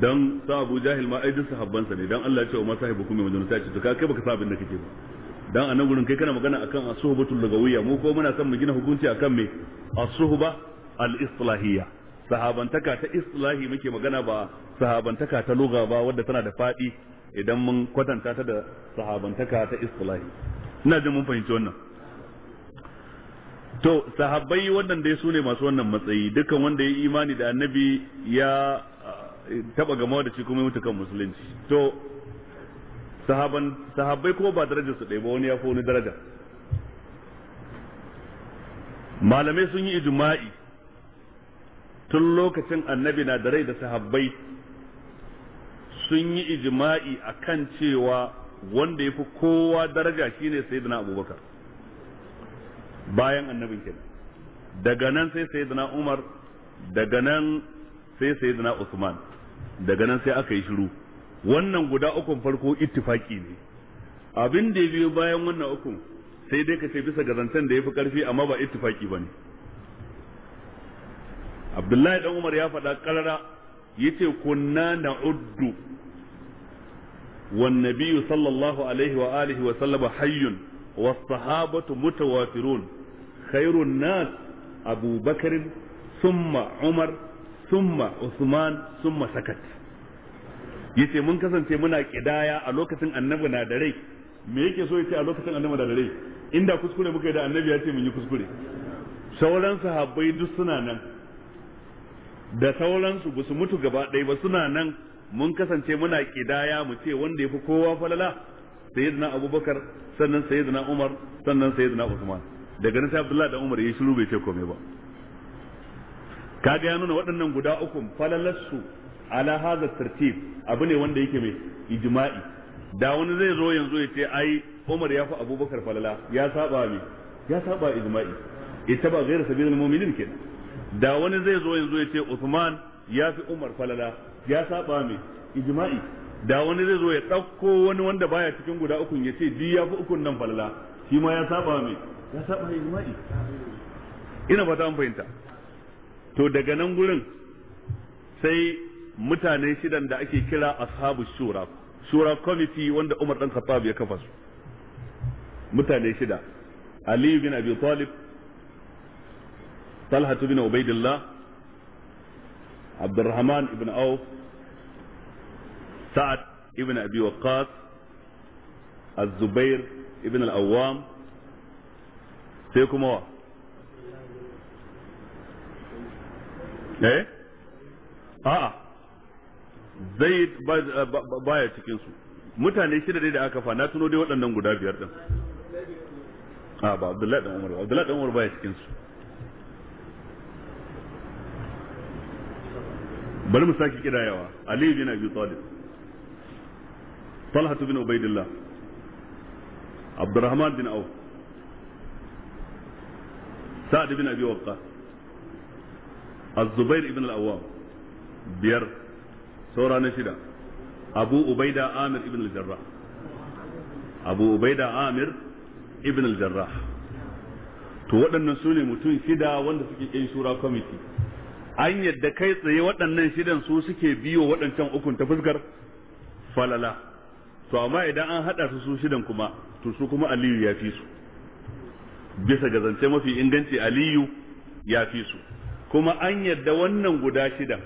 dan sa Abu Jahil ma ai sahabban sa ne dan Allah ya ce wa masahibukum min dunta ce to ka kai baka sa abin da kake ba dan anan gurin kai kana magana akan asuhubatul suhbatul lugawiyya mu ko muna son mu gina hukunci akan me asuhuba suhba al-islahiyya sahabantaka ta islahi muke magana ba sahabantaka ta luga ba wadda tana da faɗi idan mun kwatanta ta da sahabantaka ta islahi ina jin mun fahimci wannan to sahabbai wannan dai su ne masu wannan matsayi dukkan wanda ya imani da annabi ya eh, taba gamawa da shi kuma mutu kan musulunci to sahaban sahabbai kuma ba darajar su ɗaya ba wani ya fi wani daraja malamai sun yi ijma'i tun lokacin annabi na da rai da sahabbai sun yi ijma'i kan cewa wanda ya fi kowa daraja shine sayyidina abubakar bayan annabin kenan daga nan sai na umar daga nan sai na usman daga nan sai aka yi shiru wannan guda ukun farko ittifaki ne abin da ya biyo bayan wannan ukun sai dai ka ce bisa ga zancen da ya fi karfi amma ba ittifaki ba ne abdullahi dan umar ya faɗa karara yace kunna na'uddu wan nabiyyu sallallahu alaihi wa alihi wa sallama hayyun was sahabatu mutawafirun khairun nas abu bakr umar thumma usman thumma sakat yace mun kasance muna kidaya a lokacin annabi na da rai me yake so yace a lokacin annabi na da inda kuskure muka yi da annabi ya ce mun yi kuskure sauran sahabbai duk suna nan da sauransu ba su mutu gaba ɗaya ba suna nan mun kasance muna kidaya mu ce wanda ya fi kowa falala sayyidina abubakar sannan sayyidina umar sannan sayyidina usman daga nan sai abdullahi da umar ya shiru bai ce komai ba kaga ya nuna waɗannan guda uku su ala hadha tartib abu ne wanda yake mai ijma'i da wani zai zo yanzu ya ce ai Umar ya fi Abubakar falala ya saba mai ya saba ijma'i ita ba gairar sabilil mu'minin kenan da wani zai zo yanzu ya ce Uthman ya fi Umar falala ya saba mai ijma'i da wani zai zo ya ɗauko wani wanda baya cikin guda ukun ya ce ya fi ukun nan falala shi ma ya saba mai ya saba ijma'i ina ba ta fahimta to daga nan gurin sai mutane shidan da ake kira ashabu shura shura committee wanda Umar dan Khattab ya kafa su mutane shida Ali bin Abi Talib طلحة بن عبيد الله عبد الرحمن بن عوف سعد بن أبي وقاص الزبير بن الأوام سيكم هو إيه؟ آه زيد baya cikinsu mutane shida dai da aka fa na tuno dai waɗannan guda biyar ɗin a ba abdullahi ɗan umar ba abdullahi ɗan umar baya cikinsu bari mu sake kirayawa Ali bin Abi Talib Talha bin Ubaidillah Abdurrahman bin Auf Sa'd bin Abi Waqqas Az-Zubair ibn al-Awwam biyar saura na shida Abu Ubaida Amir ibn al-Jarrah Abu Ubaida Amir ibn al-Jarrah to waɗannan su ne mutum shida wanda suke yin shura committee an yadda kai tsaye waɗannan shidan su suke biyo waɗancan ukun ta fuskar falala to amma idan an haɗa su su shidan kuma to su kuma aliyu ya fi su bisa ga zance mafi inganci aliyu ya fi su kuma an yadda wannan guda shidan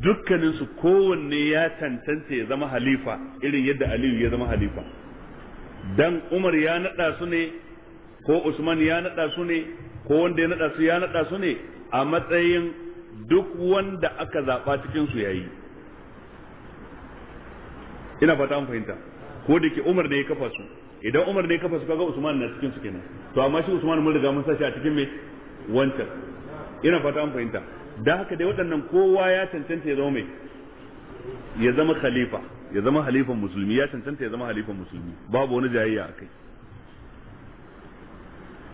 dukkaninsu kowanne ya cancanta ya zama halifa irin yadda aliyu ya zama halifa dan umar ya naɗa su ne ko usman ya naɗa su ne ko wanda ya naɗa su ya naɗa su ne a matsayin duk wanda aka zaɓa cikin su yayi ina fata an fahimta ko da ke Umar ne ya kafa su idan Umar ne ya kafa su kaga Usman na cikin su kenan to amma shi Usman mun riga mun shi a cikin me wancan ina fata an fahimta da haka dai waɗannan kowa ya cancanta ya zama mai ya zama khalifa ya zama halifan musulmi ya cancanta ya zama halifan musulmi babu wani jayayya a kai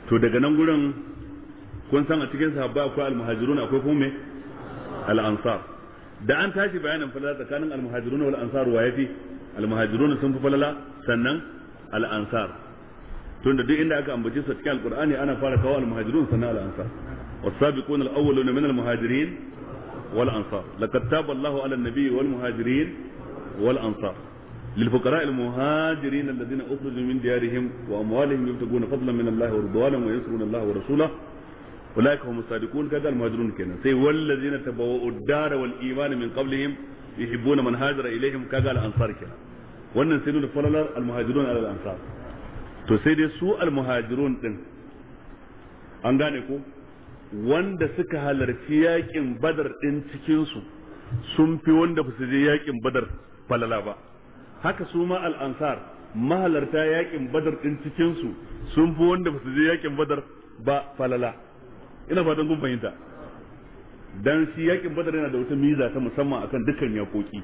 to daga nan gurin kun san a cikin sahabba akwai almuhajirun akwai kuma al da an tashi bayanin falala tsakanin al-muhajirun wal ansar wa yafi sun fi falala sannan al-ansar tunda duk inda aka ambace su cikin al'kur'ani ana fara kawo al-muhajirun sannan al-ansar والسابقون الأولون من المهاجرين والأنصار لقد تاب الله على النبي والمهاجرين والأنصار للفقراء المهاجرين الذين أخرجوا من ديارهم وأموالهم يبتغون فضلا من الله ورضوانا وينصرون الله ورسوله ulaika هم الصادقون كذا المهاجرون kenan sai والذين tabawwa'u الدار dara من قبلهم يحبون من هاجر man كذا ilaihim kaga al سيدنا kenan wannan sai nuna falalar almuhajirun ala المهاجرون دين to sai dai su almuhajirun din an gane ko wanda suka halarci badar cikin su sun fi wanda je yakin badar falala ba haka su ma al mahalarta yakin badar ɗin cikin su sun fi wanda ba su je yakin badar ba falala ina fatan kun fahimta dan shi yakin badar yana da wata miza ta musamman akan dukkan yakoki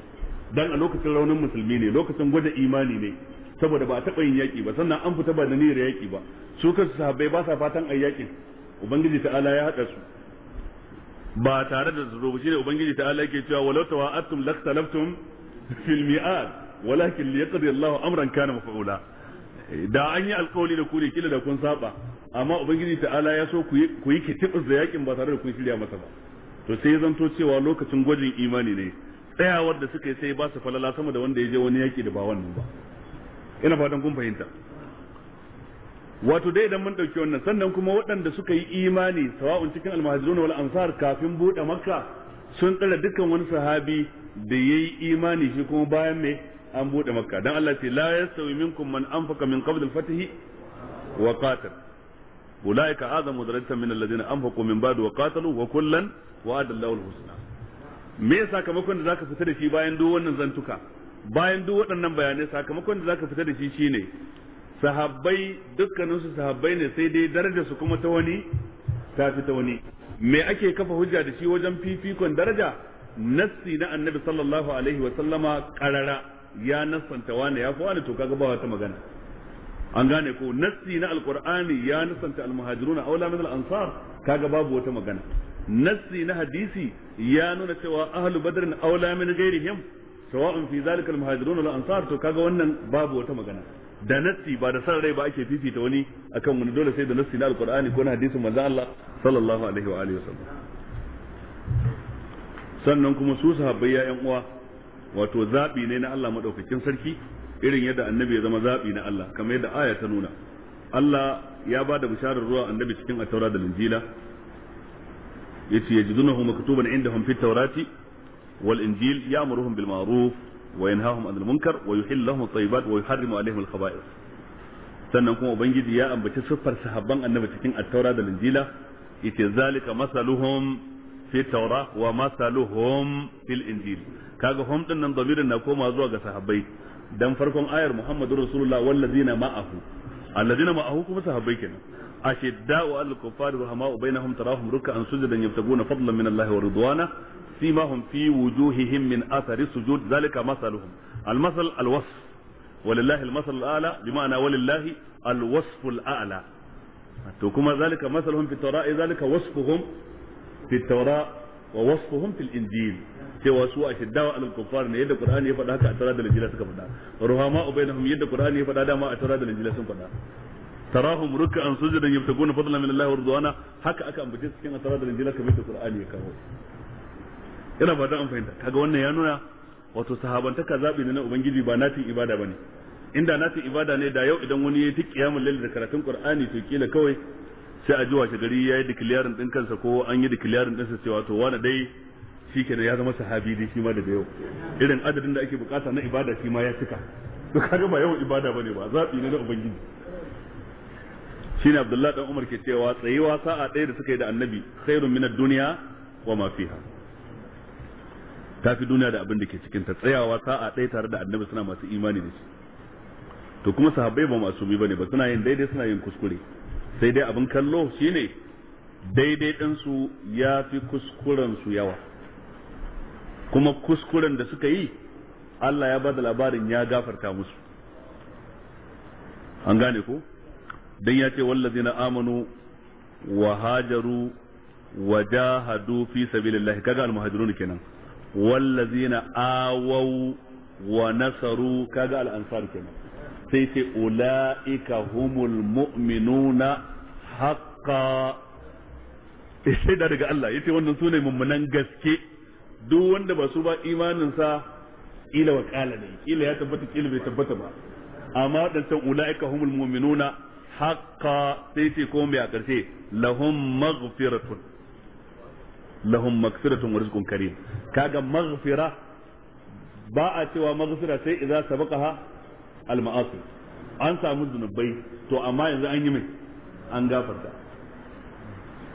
dan a lokacin raunin musulmi ne lokacin gwada imani ne saboda ba a taba yin yaki ba sannan an fita ba da niyyar yaki ba su kansu sahabbai ba sa fatan a yakin ubangiji ta'ala ya haɗa su ba tare da tsoro ba shine ubangiji ta'ala yake cewa walau tawa'atum lakhtalaftum fil mi'ad walakin liyaqdi Allahu amran kana maf'ula da an yi alkawari da ku ne kila da kun saba amma ubangiji ta'ala ya so ku yi kitibin da yakin ba tare da kun shirya masa ba to sai ya zanto cewa lokacin gwajin imani ne tsayawar da suka yi sai ba su falala sama da wanda ya je wani yaki da ba wannan ba ina fatan kun fahimta wato dai idan mun dauki wannan sannan kuma waɗanda suka yi imani sawa'un cikin almahajirun wal ansar kafin bude makka sun tsara dukkan wani sahabi da yayi imani shi kuma bayan me an bude makka dan Allah ce la yasawi minkum man anfaqa min qabl al-fath wa qatala ulaika azamu darajatan من الذين anfaqu من بعد وقاتلوا وكلا وعد الله الحسنى Allahu al-husna me sakamakon da zaka fita da shi bayan duk wannan zantuka bayan duk waɗannan bayanai sakamakon da zaka fita da shi shine sahabbai dukkaninsu sahabbai ne sai dai daraja su kuma ta wani ta fi ta wani me ake kafa hujja da shi wajen fifikon daraja nassi na annabi sallallahu alaihi wa sallama karara ya nassanta wani ya fi wani to kaga ba wata magana an gane ko nassi na alqur'ani ya nusanta almuhajiruna aula min al-ansar kaga babu wata magana nassi na hadisi ya nuna cewa ahlu badrin aula min ghairihim sawa'un fi zalika almuhajiruna wal ansar to kaga wannan babu wata magana da nassi ba da san rai ba ake fifita wani akan wani dole sai da nassi na alqur'ani ko na hadisin manzo Allah sallallahu alaihi wa alihi wasallam sannan kuma su sahabbai ya uwa wato zabi ne na Allah madaukakin sarki irin yadda annabi ya zama zabi na Allah kamar yadda aya ta nuna Allah ya ba da bisharar ruwa annabi cikin at-taura da injila yace ya maktuban indahum fit tawrati wal injil ya'muruhum bil ma'ruf wa yanhahum 'anil munkar wa yuhillu lahum at-tayyibat wa yuharrimu 'alayhim al-khaba'ith sannan kuma ubangiji ya ambaci siffar sahabban annabi cikin at-taura da injila yace zalika masaluhum fi tawra wa masaluhum fil injil kaga hom din nan damirin na koma zuwa ga sahabbai dan farkon ayar Muhammadur Rasulullah wallazina ma'ahu allazina ma'ahu kuma sahabbai kenan ashidda'u al kuffar rahama'u bainahum tarahum ruk'an sujudan yabtaguna fadlan min Allah wa ridwana simahum fi wujuhihim min athari sujud zalika masaluhum al masal al wasf ولله المثل الأعلى بمعنى ولله الوصف الأعلى to kuma zalika masalhum fi tawra'i zalika wasfuhum fi tawra ووصفهم في fil injil cewa su a shiddawa alal kuffar ne yadda qur'ani ya faɗa haka a tara da injila suka faɗa ruhama ubainahum yadda qur'ani ya faɗa dama a tara da injila sun faɗa tarahum ruk'an sujudan yabtaguna fadlan min Allah wa ridwana haka aka a tara da injila kamar da kaga wannan ya nuna wato sahabantaka zabi ne na ubangiji ba natin ibada bane inda natin ibada ne da yau idan wani ya yi kiyamul da karatun qur'ani to kila kawai sai a ji washe gari ya yi dikiliyarin ɗin kansa ko an yi dikiliyarin ɗinsa sa cewa to wani dai shi kenan ya zama sahabi dai shi ma da yau irin adadin da ake bukata na ibada shi ma ya cika to kaga ba yawan ibada bane ba zaɓi ne na ubangiji shine abdullahi dan umar ke cewa tsayewa sa'a ɗaya da suka yi da annabi khairun minad dunya wa ma fiha tafi duniya da abin da ke cikinta tsayawa sa'a ɗaya tare da annabi suna masu imani da shi to kuma sahabbai ba masu bi bane ba suna yin daidai suna yin kuskure sai dai abin kallo shine daidai ɗinsu ya fi kuskurensu yawa kuma kuskuren da suka yi Allah ya ba da labarin ya gafarta musu an gane ko don ya ce wallazina amanu wa hajaru wa jahadu fi sabilillahi kaga ne kenan na awau wa nasaru kaga al'ansar kenan sai ce ula'ika humul mu'minuna haqqa eh, da daga Allah ya ce wannan sune mummunan gaske duk wanda ba su ba imaninsa. sa ila wa kala ne ila ya tabbata ila bai tabbata ba amma wadancan ulaika humul mu'minuna haƙa. sai ce ko mai a karshe lahum maghfiratun lahum maghfiratun wa rizqun karim kaga maghfira ba a cewa maghfira sai idza sabaqaha al-ma'asi an samu zunubai to amma yanzu an yi mai an gafarta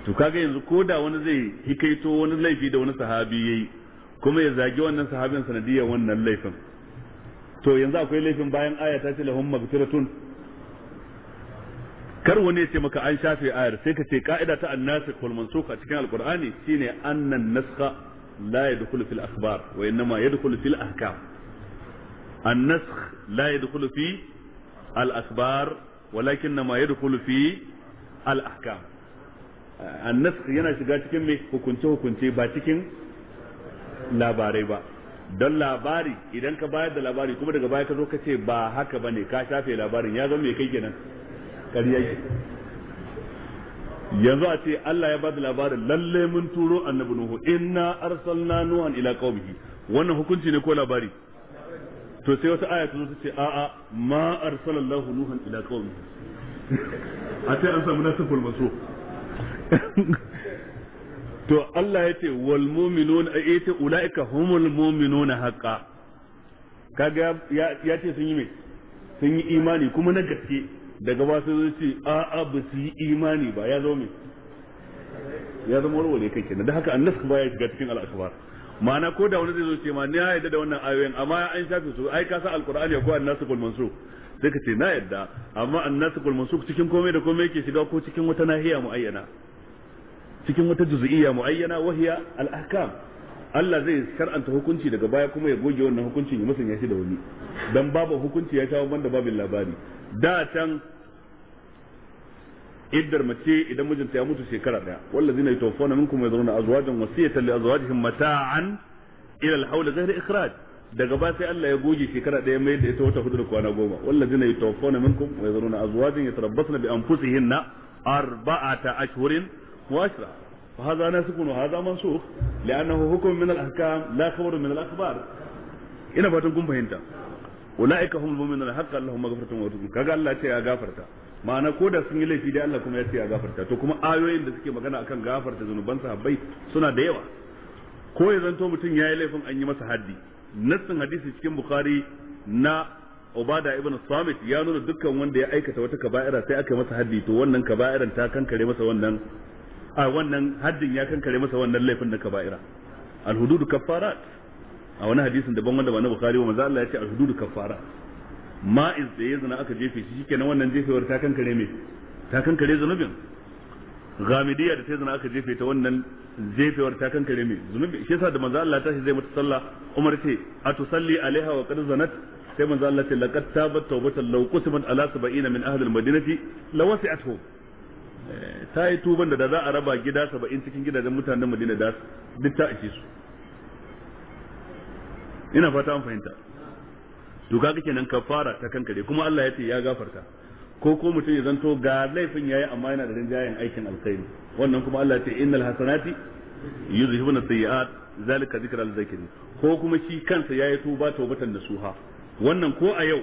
to kaga yanzu ko da wani zai hikaito wani laifi da wani sahabi yayi kuma ya zagi wannan sahabin sanadiyar wannan laifin to yanzu akwai laifin bayan aya ta ce lahum magfiratun kar wani ce maka an shafe ayar sai ka ce ka'ida ta annasikh wal mansukh cikin alqur'ani shine annan naskha la yadkhulu fil akhbar wa innama yadkhulu fil ahkam النسخ لا يدخل في الأخبار ولكن ما يدخل في الأحكام النسخ yana shiga cikin me hukunce-hukunce ba cikin labarai ba don labari idan ka bayar da labari kuma daga baya ka zo ka ce ba haka ba ne ka shafe labarin ya zama mai kai kenan ƙarya yanzu a ce Allah ya bada da labarin lalle mun turo annabi nuhu inna arsalna nuhan ila qaumihi wannan hukunci ne ko labari to sai wata aya ta zo ta ce a'a ma arsalallahu nuhan ila qaumi a ce an samu nasiful maso to Allah ya ce wal a ayta ulaika humul mu'minun haqa kaga ya ce sun yi me sun yi imani kuma na gaske daga ba su ce a'a ba su yi imani ba ya zo me ya zama warware kai kenan da haka annas ba ya shiga cikin al'akbar ma'ana ko da wani zai zo ce ma ni ya yadda da wannan ayoyin amma an shafi su ai ka san alqur'ani ko kul mansu sai ka ce na yadda amma kul mansu cikin komai da komai yake shiga ko cikin wata nahiya muayyana cikin wata juz'iyya muayyana wahiya al-ahkam Allah zai kar'anta hukunci daga baya kuma ya goge wannan hukuncin ya musanya shi da wani dan babu hukunci ya tawo banda babin labari da can iddar mace idan mijinta ya mutu shekara daya wallazina na minkum yadhuruna azwajan wasiyatan li azwajihim mata'an ila al-hawl ghayra ikhraj daga ba sai Allah ya goge shekara daya mai da ita wata hudu da kwana goma wallazina yatawaffawna minkum yadhuruna azwajan yatarabbasna bi anfusihinna arba'ata ashhurin wa ashra فهذا ناسخ وهذا منسوخ لأنه حكم من الأحكام لا خبر من الأخبار إن فاتكم فهمت أولئك هم المؤمنون حقا لهم مغفرة ورزق كذا الله يا غفرته ma'ana ko da sun yi laifi dai Allah kuma ya ce ya gafarta to kuma ayoyin da suke magana akan gafarta zanuban sahabbai suna da yawa ko ya zanto mutum ya yi laifin an yi masa haddi nassin hadisi cikin bukhari na ubada ibn samit ya nuna dukkan wanda ya aikata wata kaba'ira sai aka masa haddi to wannan kaba'iran ta kankare masa wannan a wannan haddin ya kankare masa wannan laifin na kaba'ira al-hududu kaffarat a wani hadisin daban wanda ba na bukhari ba manzo Allah ya ce al-hududu kaffarat ma'iz da ya zina aka jefe shi na wannan jefewar ta kankare me ta kankare zunubin gamidiya da ta zina aka jefe ta wannan jefewar ta kankare me zunubi shi yasa da manzo Allah ta shi zai mata sallah Umar ce a salli alaiha wa qad zanat sai manzo Allah ce laqad tabat tawbatan law qusimat ala sab'ina min ahli al-madinati lawasi'atuhum eh, ta yi tuban da za a raba gida saba'in cikin gidajen mutanen madina da duk ta ishe su ina fata an fahimta to kaga kenan kafara ta kankare kuma Allah ya ce ya gafarta ko ko mutum ya zanto ga laifin yayi amma yana da rinjayen aikin alkhairi wannan kuma Allah ya ce innal hasanati yuzhibuna sayyi'at zalika zikral zakirin ko kuma shi kansa yayi tuba tawbatan nasuha wannan ko a yau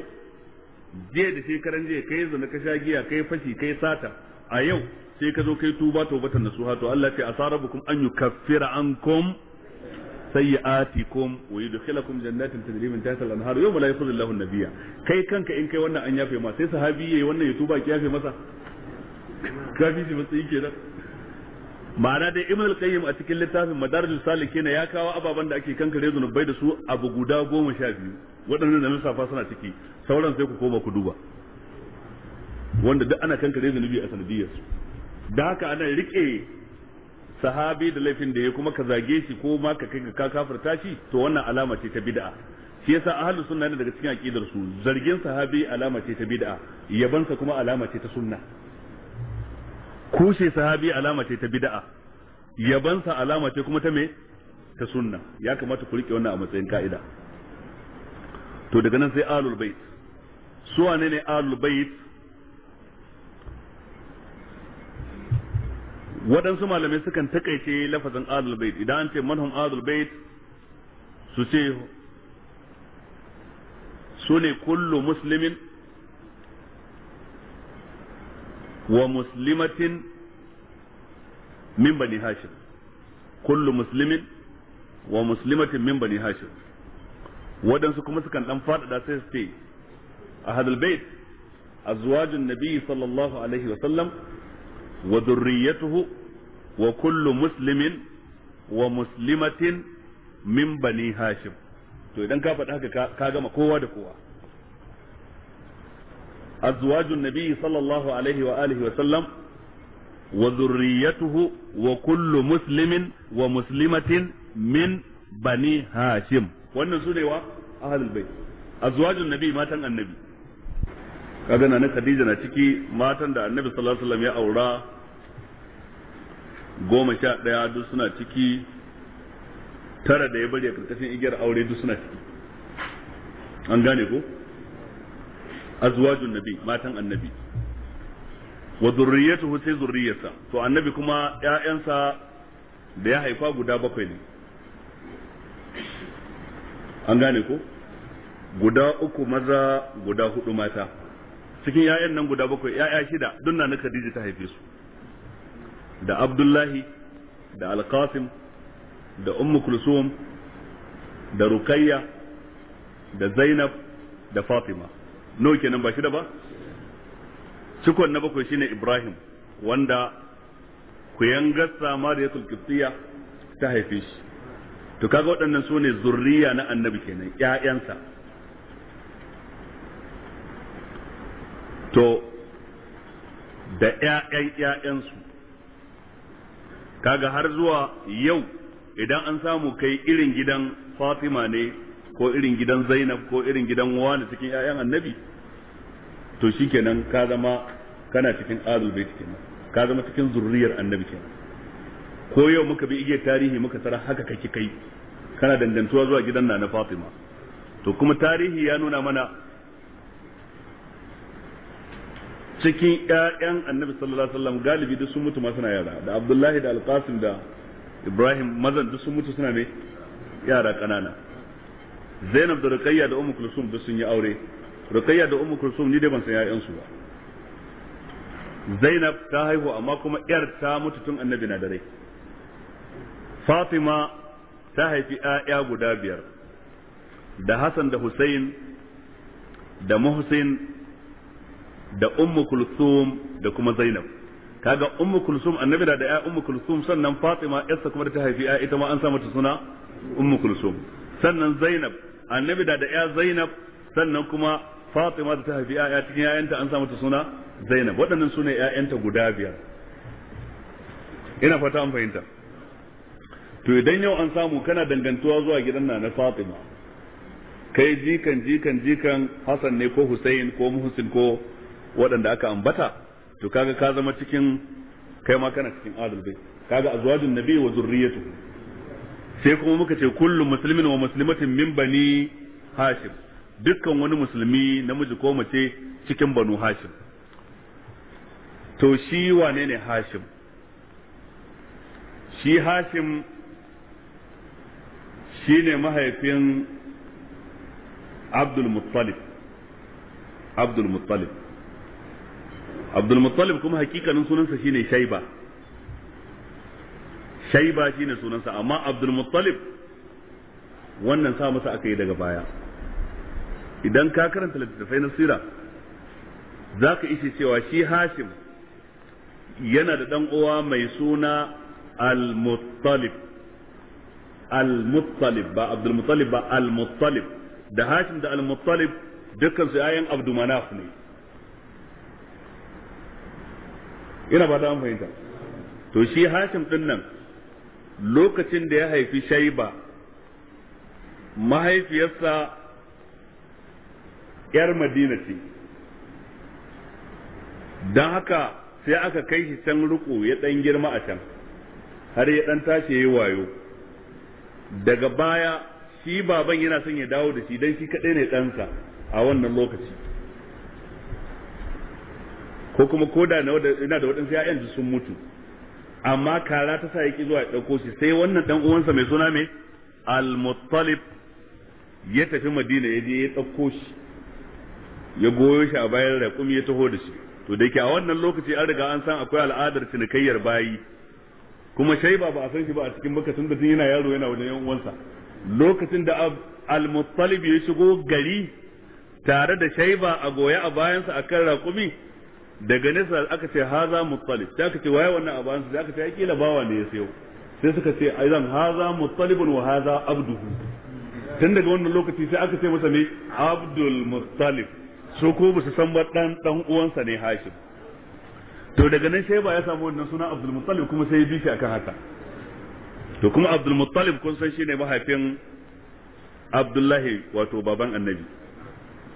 jiya da shekaran jiya kai zana ka sha giya kai fashi kai sata a yau sai ka zo kai tuba tawbatan nasuha to Allah ya ce asarabukum an yukaffira ankum sayyi'atikum wa yudkhilukum jannatin tajri min tahtiha al-anhar yawm la yakhudhu Allahu an-nabiyya kai kanka in kai wannan an yafe ma sai sahabi yayi wannan ya tuba ki yafe masa kafi shi matsayi kenan ma'ana dai ibn al-qayyim a cikin littafin madarij salikin ya kawo ababen da ake kankare zunubai da su abu guda goma sha biyu waɗannan da lissafa suna ciki sauran sai ku koma ku duba wanda duk ana kankare zunubi a sanadiyar su da haka ana rike sahabi da laifin da ya kuma ka zage shi ko ma ka kai ka kafirta shi to wannan alama ce ta bid'a shi yasa ahlus sunna ne daga cikin aqidar su zargin sahabi alama ce ta bid'a yabansa kuma alama ce ta sunna kushe sahabi alama ce ta bid'a yabansa alama ce kuma ta me ta sunna ya kamata ku rike wannan a matsayin ka'ida to daga nan sai ahlul bait su wane ne ahlul bait waɗansu malamai sukan takaice lafazin adul bait idan an ce manhum adul bait su ce su ne kullu muslimin wa muslimatin min bani hashim kullu muslimin wa muslimatin min bani hashim waɗansu kuma sukan ɗan faɗaɗa sai su ce a hadal bait azwajun nabi sallallahu alaihi wa sallam wa dhurriyyatuhu wa kullu muslimin wa muslimatin min bani hashim to idan ka faɗa haka ka gama kowa da kowa azwajun nabi sallallahu alaihi wa alihi wa sallam wa zurriyatuhu wa kullu muslimin wa muslimatin min bani hashim wannan su ne wa ahlul bait azwajun nabi matan annabi kaga na Khadija na ciki matan da annabi sallallahu alaihi wasallam ya aura goma sha ɗaya duk suna ciki tara da ya bari a karkashin igiyar aure duk suna ciki an gane ko azwajun nabi matan annabi wa zurriyatuhu sai zurriyarsa to annabi kuma ƴaƴansa da ya haifa guda bakwai ne an gane ko guda uku maza guda hudu mata cikin ƴaƴan nan guda bakwai ƴaƴa shida dunna na Khadija ta haife su da abdullahi da alkasim da ummu kulsum da rukayya da zainab da fatima no kenan ba shi da ba cikon na bakwai shine ibrahim wanda ku kuyangar ya kiftiya ta haife shi to kaga waɗannan sune ne zurriya na annabi kenan 'ya'yansa, to da 'ya'yan 'ya'yansu. kaga har zuwa yau idan an samu kai irin gidan Fatima ne ko irin gidan Zainab ko irin gidan wani cikin 'ya'yan Annabi to shikenan ka zama kana cikin Ahlul Bait kenan ka zama cikin zurriyar Annabi kenan ko yau muka bi igiyar tarihi muka tsara haka kake kai kana dangantuwa zuwa gidan na na Fatima to kuma tarihi ya nuna mana cikin ƴaƴan annabi sallallahu alaihi wasallam galibi duk sun mutu ma suna yara da abdullahi da alqasim da ibrahim mazan duk sun mutu suna ne yara kanana zainab da ruqayya da ummu kulsum duk sun yi aure ruqayya da ummu kulsum ni dai ban san ƴaƴan su ba zainab ta haihu amma kuma ƴar ta mutu tun annabi na dare fatima ta haifi ƴaƴa guda biyar da hasan da husain da muhsin da ummu kulsum da kuma zainab kaga ummu kulsum annabi da ya ummu kulsum sannan fatima yarsa kuma da ta haifi ita ma an sa mata suna ummu kulsum sannan zainab annabi da ya zainab sannan kuma fatima da ta haifi ya cikin yayanta an sa mata suna zainab waɗannan sune yayanta guda biyar ina fata an fahimta to idan yau an samu kana dangantuwa zuwa gidan na na fatima kai jikan jikan jikan hasan ne ko husain ko muhsin ko waɗanda aka ambata to kaga ka zama cikin kai ma kana cikin ahlul kaga azwajun nabi wa zurriyatu sai kuma muka ce kullu muslimin wa muslimatin min bani hashim dukkan wani musulmi namiji ko mace cikin banu hashim to shi wane ne hashim shi hashim shi ne mahaifin abdul muttalib abdul muttalib abdul muttalib kuma hakikanin sunansa shine shaiba shaiba shine sunansa amma abdul muttalib wannan sa masa aka yi daga baya idan ka karanta littattafai na sira za ka ishe cewa shi hashim yana da ɗan uwa mai suna al-muttalib al-muttalib ba abdul muttalib ba al-muttalib da hashim da al-muttalib dukkan su yayan abdu manaf ne ina ba da an to shi hashim din nan lokacin da ya haifi shaiba mahaifiyarsa yar madina ce don haka sai aka kai shi can riko ya ɗan girma a can har ya ɗan tashi ya yi wayo daga baya shi baban yana son ya dawo da shi don shi kadai ne ɗansa a wannan lokaci ko kuma koda na ina da waɗansu yanzu sun mutu amma kara ta sa yake zuwa ya ɗauko shi sai wannan dan uwansa mai suna mai al-muttalib ya tafi madina ya je ya ɗauko shi ya goyo shi a bayan raƙumi ya taho da shi to da yake a wannan lokaci an riga an san akwai al'adar cinikayyar bayi kuma shaiba ba a san shi ba a cikin baka tun da tun yana yaro yana wajen yan uwansa lokacin da al-muttalib ya shigo gari tare da shaiba a goye a bayansa akan raƙumi daga nesa aka ce haza muttalib sai aka ce waye wannan aban su sai aka ce ya kila bawa ne ya sayo sai suka ce aizan haza muttalibun wa haza abduhu tun daga wannan lokaci sai aka ce masa ne abdul muttalib so ko ba su san ba dan dan uwansa ne hashim to daga nan sai ba ya samu wannan suna abdul muttalib kuma sai ya bi shi akan haka to kuma abdul muttalib kun san shine mahaifin abdullahi wato baban annabi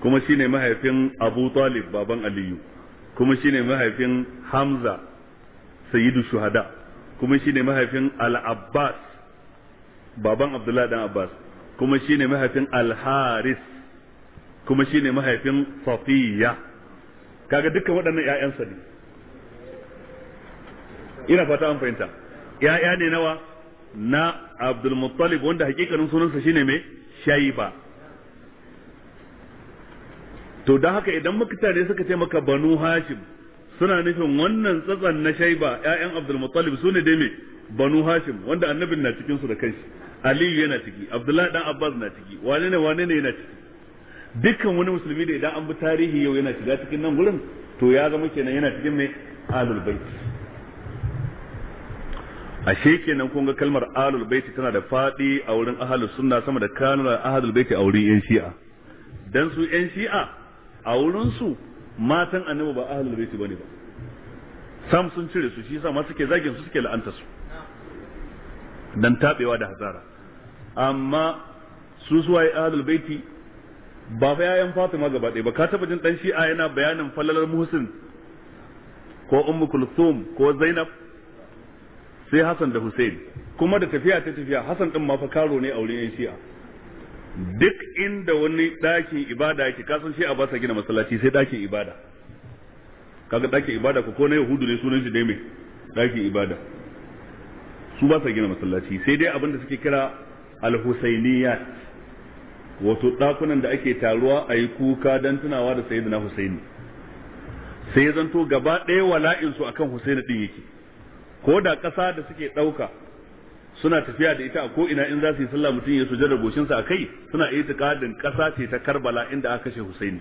kuma shine mahaifin abu talib baban aliyu kuma shine mahaifin Hamza sayyidu shuhada kuma shine mahaifin Al-Abbas baban Abdullah dan Abbas kuma shine mahaifin Al-Haris kuma shine mahaifin Safiya kaga dukkan waɗannan ƴaƴansa ne ina fata an fahimta ƴaƴa ne nawa na Abdul Muttalib wanda hakikanin sunansa shine mai Shaiba to don haka idan muka tare suka ce maka banu hashim suna nufin wannan tsatsan na shaiba ƴaƴan abdul muttalib su ne dai me banu hashim wanda annabin na cikin su da kanshi aliyu yana ciki abdullahi dan abbas na ciki wane ne wane ne yana ciki dukkan wani musulmi da idan an bi tarihi yau yana shiga cikin nan gurin to ya zama kenan yana cikin me alul bait ashe kenan kun ga kalmar alul bait tana da fadi a wurin ahlus sunna sama da kanu ahlul bait a wurin yan shi'a dan su yan shi'a a wurinsu su matan annabi ba ahlul baiti bane ba sam sun cire su shi yasa ma suke zagin su suke la'anta su dan tabewa da hazara amma su suwaye ahlul baiti ba fa Fatima gaba ɗaya ba ka taba jin dan shi'a yana bayanin falalar Muhsin ko Ummu Kulthum ko Zainab sai Hassan da Hussein kuma da tafiya ta tafiya Hassan din ma fa karo ne a wurin yan shi'a duk inda wani ɗakin ibada yake kasan shi a ba sa gina masallaci sai ɗakin ibada kaga ɗakin ibada ko ko na yahudu ne sunan shi dai mai ɗakin ibada su ba sa gina masallaci sai dai abin da suke kira al-husainiyat wato ɗakunan da ake taruwa a yi kuka don tunawa da sayyidina husaini sai zan zanto gaba ɗaya wala'insu akan husaini din yake ko da ƙasa da suke ɗauka suna tafiya da ita a ko ina in za su yi sallah mutum ya sujada goshin sa kai suna itiqadin kasa ce ta Karbala inda aka kashe Husaini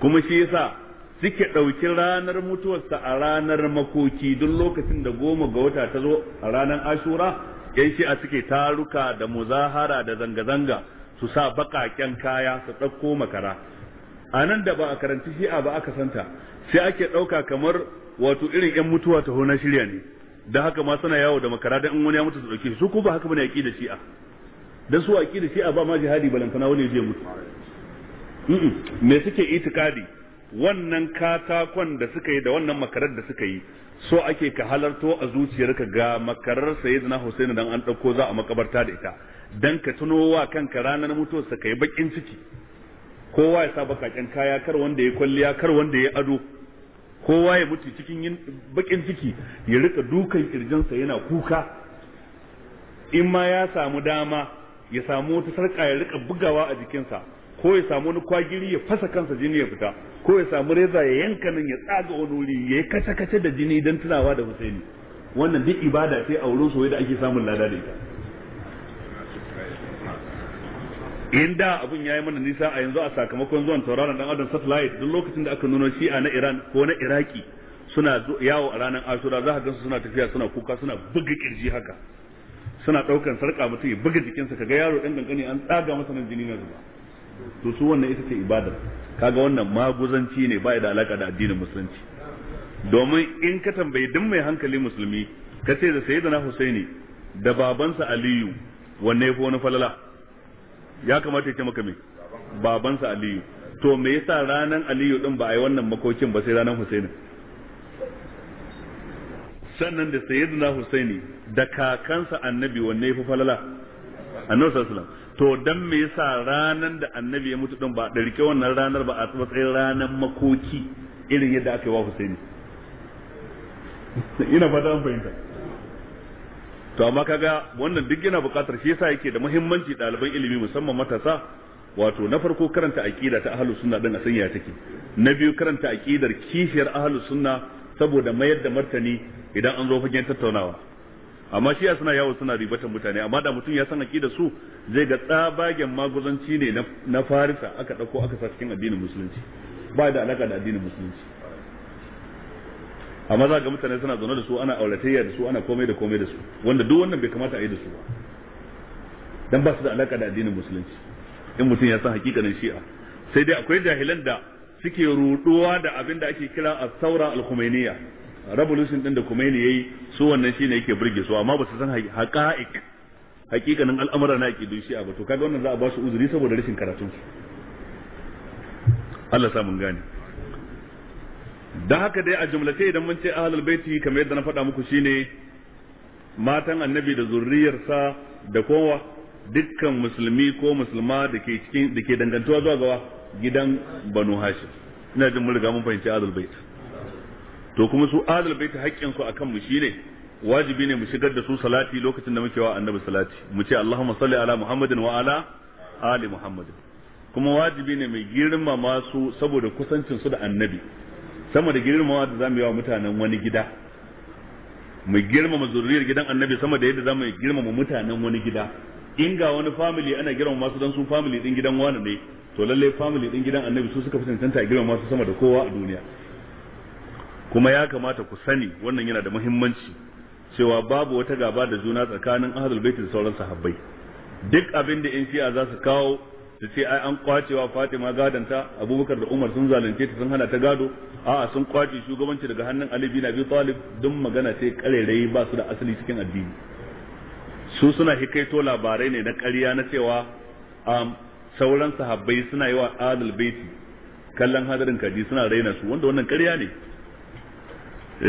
kuma shi yasa suke ɗauki ranar mutuwarsa a ranar makoki duk lokacin da goma ga wata ta zo a ranar ashura yan a suke taruka da muzahara da zanga-zanga su sa baƙaƙen kaya su ɗauko makara a nan da ba a karanci shi'a ba aka santa sai ake ɗauka kamar wato irin 'yan mutuwa ta na shirya ne da haka ma suna yawo da makara dan in wani ya mutu su dauke su ko ba haka bane aqida shi'a dan su aqida shi'a ba ma jihadi balantana wani zai mutu me suke itikadi wannan katakon da suka yi da wannan makarar da suka yi so ake ka halarto a zuciyar ka ga makarar sayyidina Husaini dan an dauko za a makabarta da ita dan ka tuno wa kanka ranar mutuwarsa ka yi bakin ciki kowa ya sa bakaken kaya kar wanda ya kwalliya kar wanda ya ado kowa ya mutu cikin bakin ciki ya rika dukan kirjinsa yana kuka in ma ya samu dama ya samu wata sarka ya rika bugawa a jikinsa ko ya samu wani kwagiri ya fasa kansa jini ya fita ko ya samu reza ya yanka nan ya tsaga wani wuri ya yi kace-kace da jini don tunawa da Husaini wannan duk ibada ce a wurin soyayya da ake samun lada da ita in da abun ya yi mana nisa a yanzu a sakamakon zuwan tauraron dan adam satellite duk lokacin da aka nuno shi'a na Iran ko na Iraki suna yawo a ranar Ashura za ka gansu suna tafiya suna kuka suna buga kirji haka suna daukan sarka mutum ya buga jikinsa kaga yaro dan kankani an tsaga masa nan jini na zuba to su wannan ita ce ibada kaga wannan maguzanci ne ba da alaka da addinin musulunci domin in ka tambayi duk mai hankali musulmi ka ce da sayyidina Husaini da babansa Aliyu wanne ya fi wani falala ya kamata ya ce maka me babansa aliyu to me yasa ranan aliyu din ba a yi wannan makokin ba sai ranan husaini sannan da sayyidina husaini da kakansa annabi wanne yafi falala annabi sallallahu to dan me yasa ranan da annabi ya mutu din ba da rike wannan ranar ba a matsayin ranan makoki irin yadda aka yi wa husaini ina fata an fahimta to amma kaga wannan duk yana buƙatar shi yasa yake da muhimmanci ɗaliban ilimi musamman matasa wato na farko karanta aqida ta ahlus sunna din a sanya take na biyu karanta aqidar kishiyar ahlus sunna saboda mayar da martani idan an zo fagen tattaunawa amma shi suna yawo suna ribatan mutane amma da mutum ya san aqida su zai ga tsabagen maguzanci ne na farisa aka dauko aka sa cikin addinin musulunci ba da alaka da addinin musulunci amma za ga mutane suna zaune da su ana auratayya da su ana komai da komai da su wanda duk wannan bai kamata a yi da su ba dan ba su da alaka da addinin musulunci in mutum ya san hakikanin shi'a sai dai akwai jahilan da suke ruduwa da abin da ake kira as-saura al-khumainiyya revolution din da khumaini yayi su wannan shine yake burge su amma ba su san haqa'iq hakikanin al'amura na yake dushi a ba to kaga wannan za a ba su uzuri saboda rashin karatun su Allah sa mun gane Da haka dai a jumlace idan mun ce ahlul baiti kamar yadda na faɗa muku shine matan annabi da zurriyarsa da kowa dukkan musulmi ko musulma da ke cikin da ke dangantuwa zuwa gawa gidan banu hashim ina jin mun riga mun fahimci ahlul bait to kuma su ahlul bait haƙƙin su akan mu shine wajibi ne mu shigar da su salati lokacin da muke wa annabi salati mu ce allahumma salli ala muhammadin wa ala ali muhammadin kuma wajibi ne mai girma masu saboda kusancin su da annabi sama da girmama da zamu yi wa mutanen wani gida mu girmama zuriyar gidan annabi sama da yadda zamu girmama mutanen wani gida in ga wani family ana girmama masu dan su family din gidan wani ne to lalle family din gidan annabi su suka fi cancanta a girmama su sama da kowa a duniya kuma ya kamata ku sani wannan yana da muhimmanci cewa babu wata gaba da juna tsakanin ahlul bait da sauran sahabbai duk abin da in shi'a za su kawo su ce ai an kwacewa Fatima gadanta Abubakar da Umar sun zalunce ta sun hana ta gado a'a sun kwace shugabanci daga hannun Ali bin Abi Talib don magana ce karerai ba su da asali cikin addini su suna hikaito labarai ne na ƙarya na cewa sauran sahabbai suna yi wa adal baiti kallon hadarin kaji suna raina su wanda wannan ƙarya ne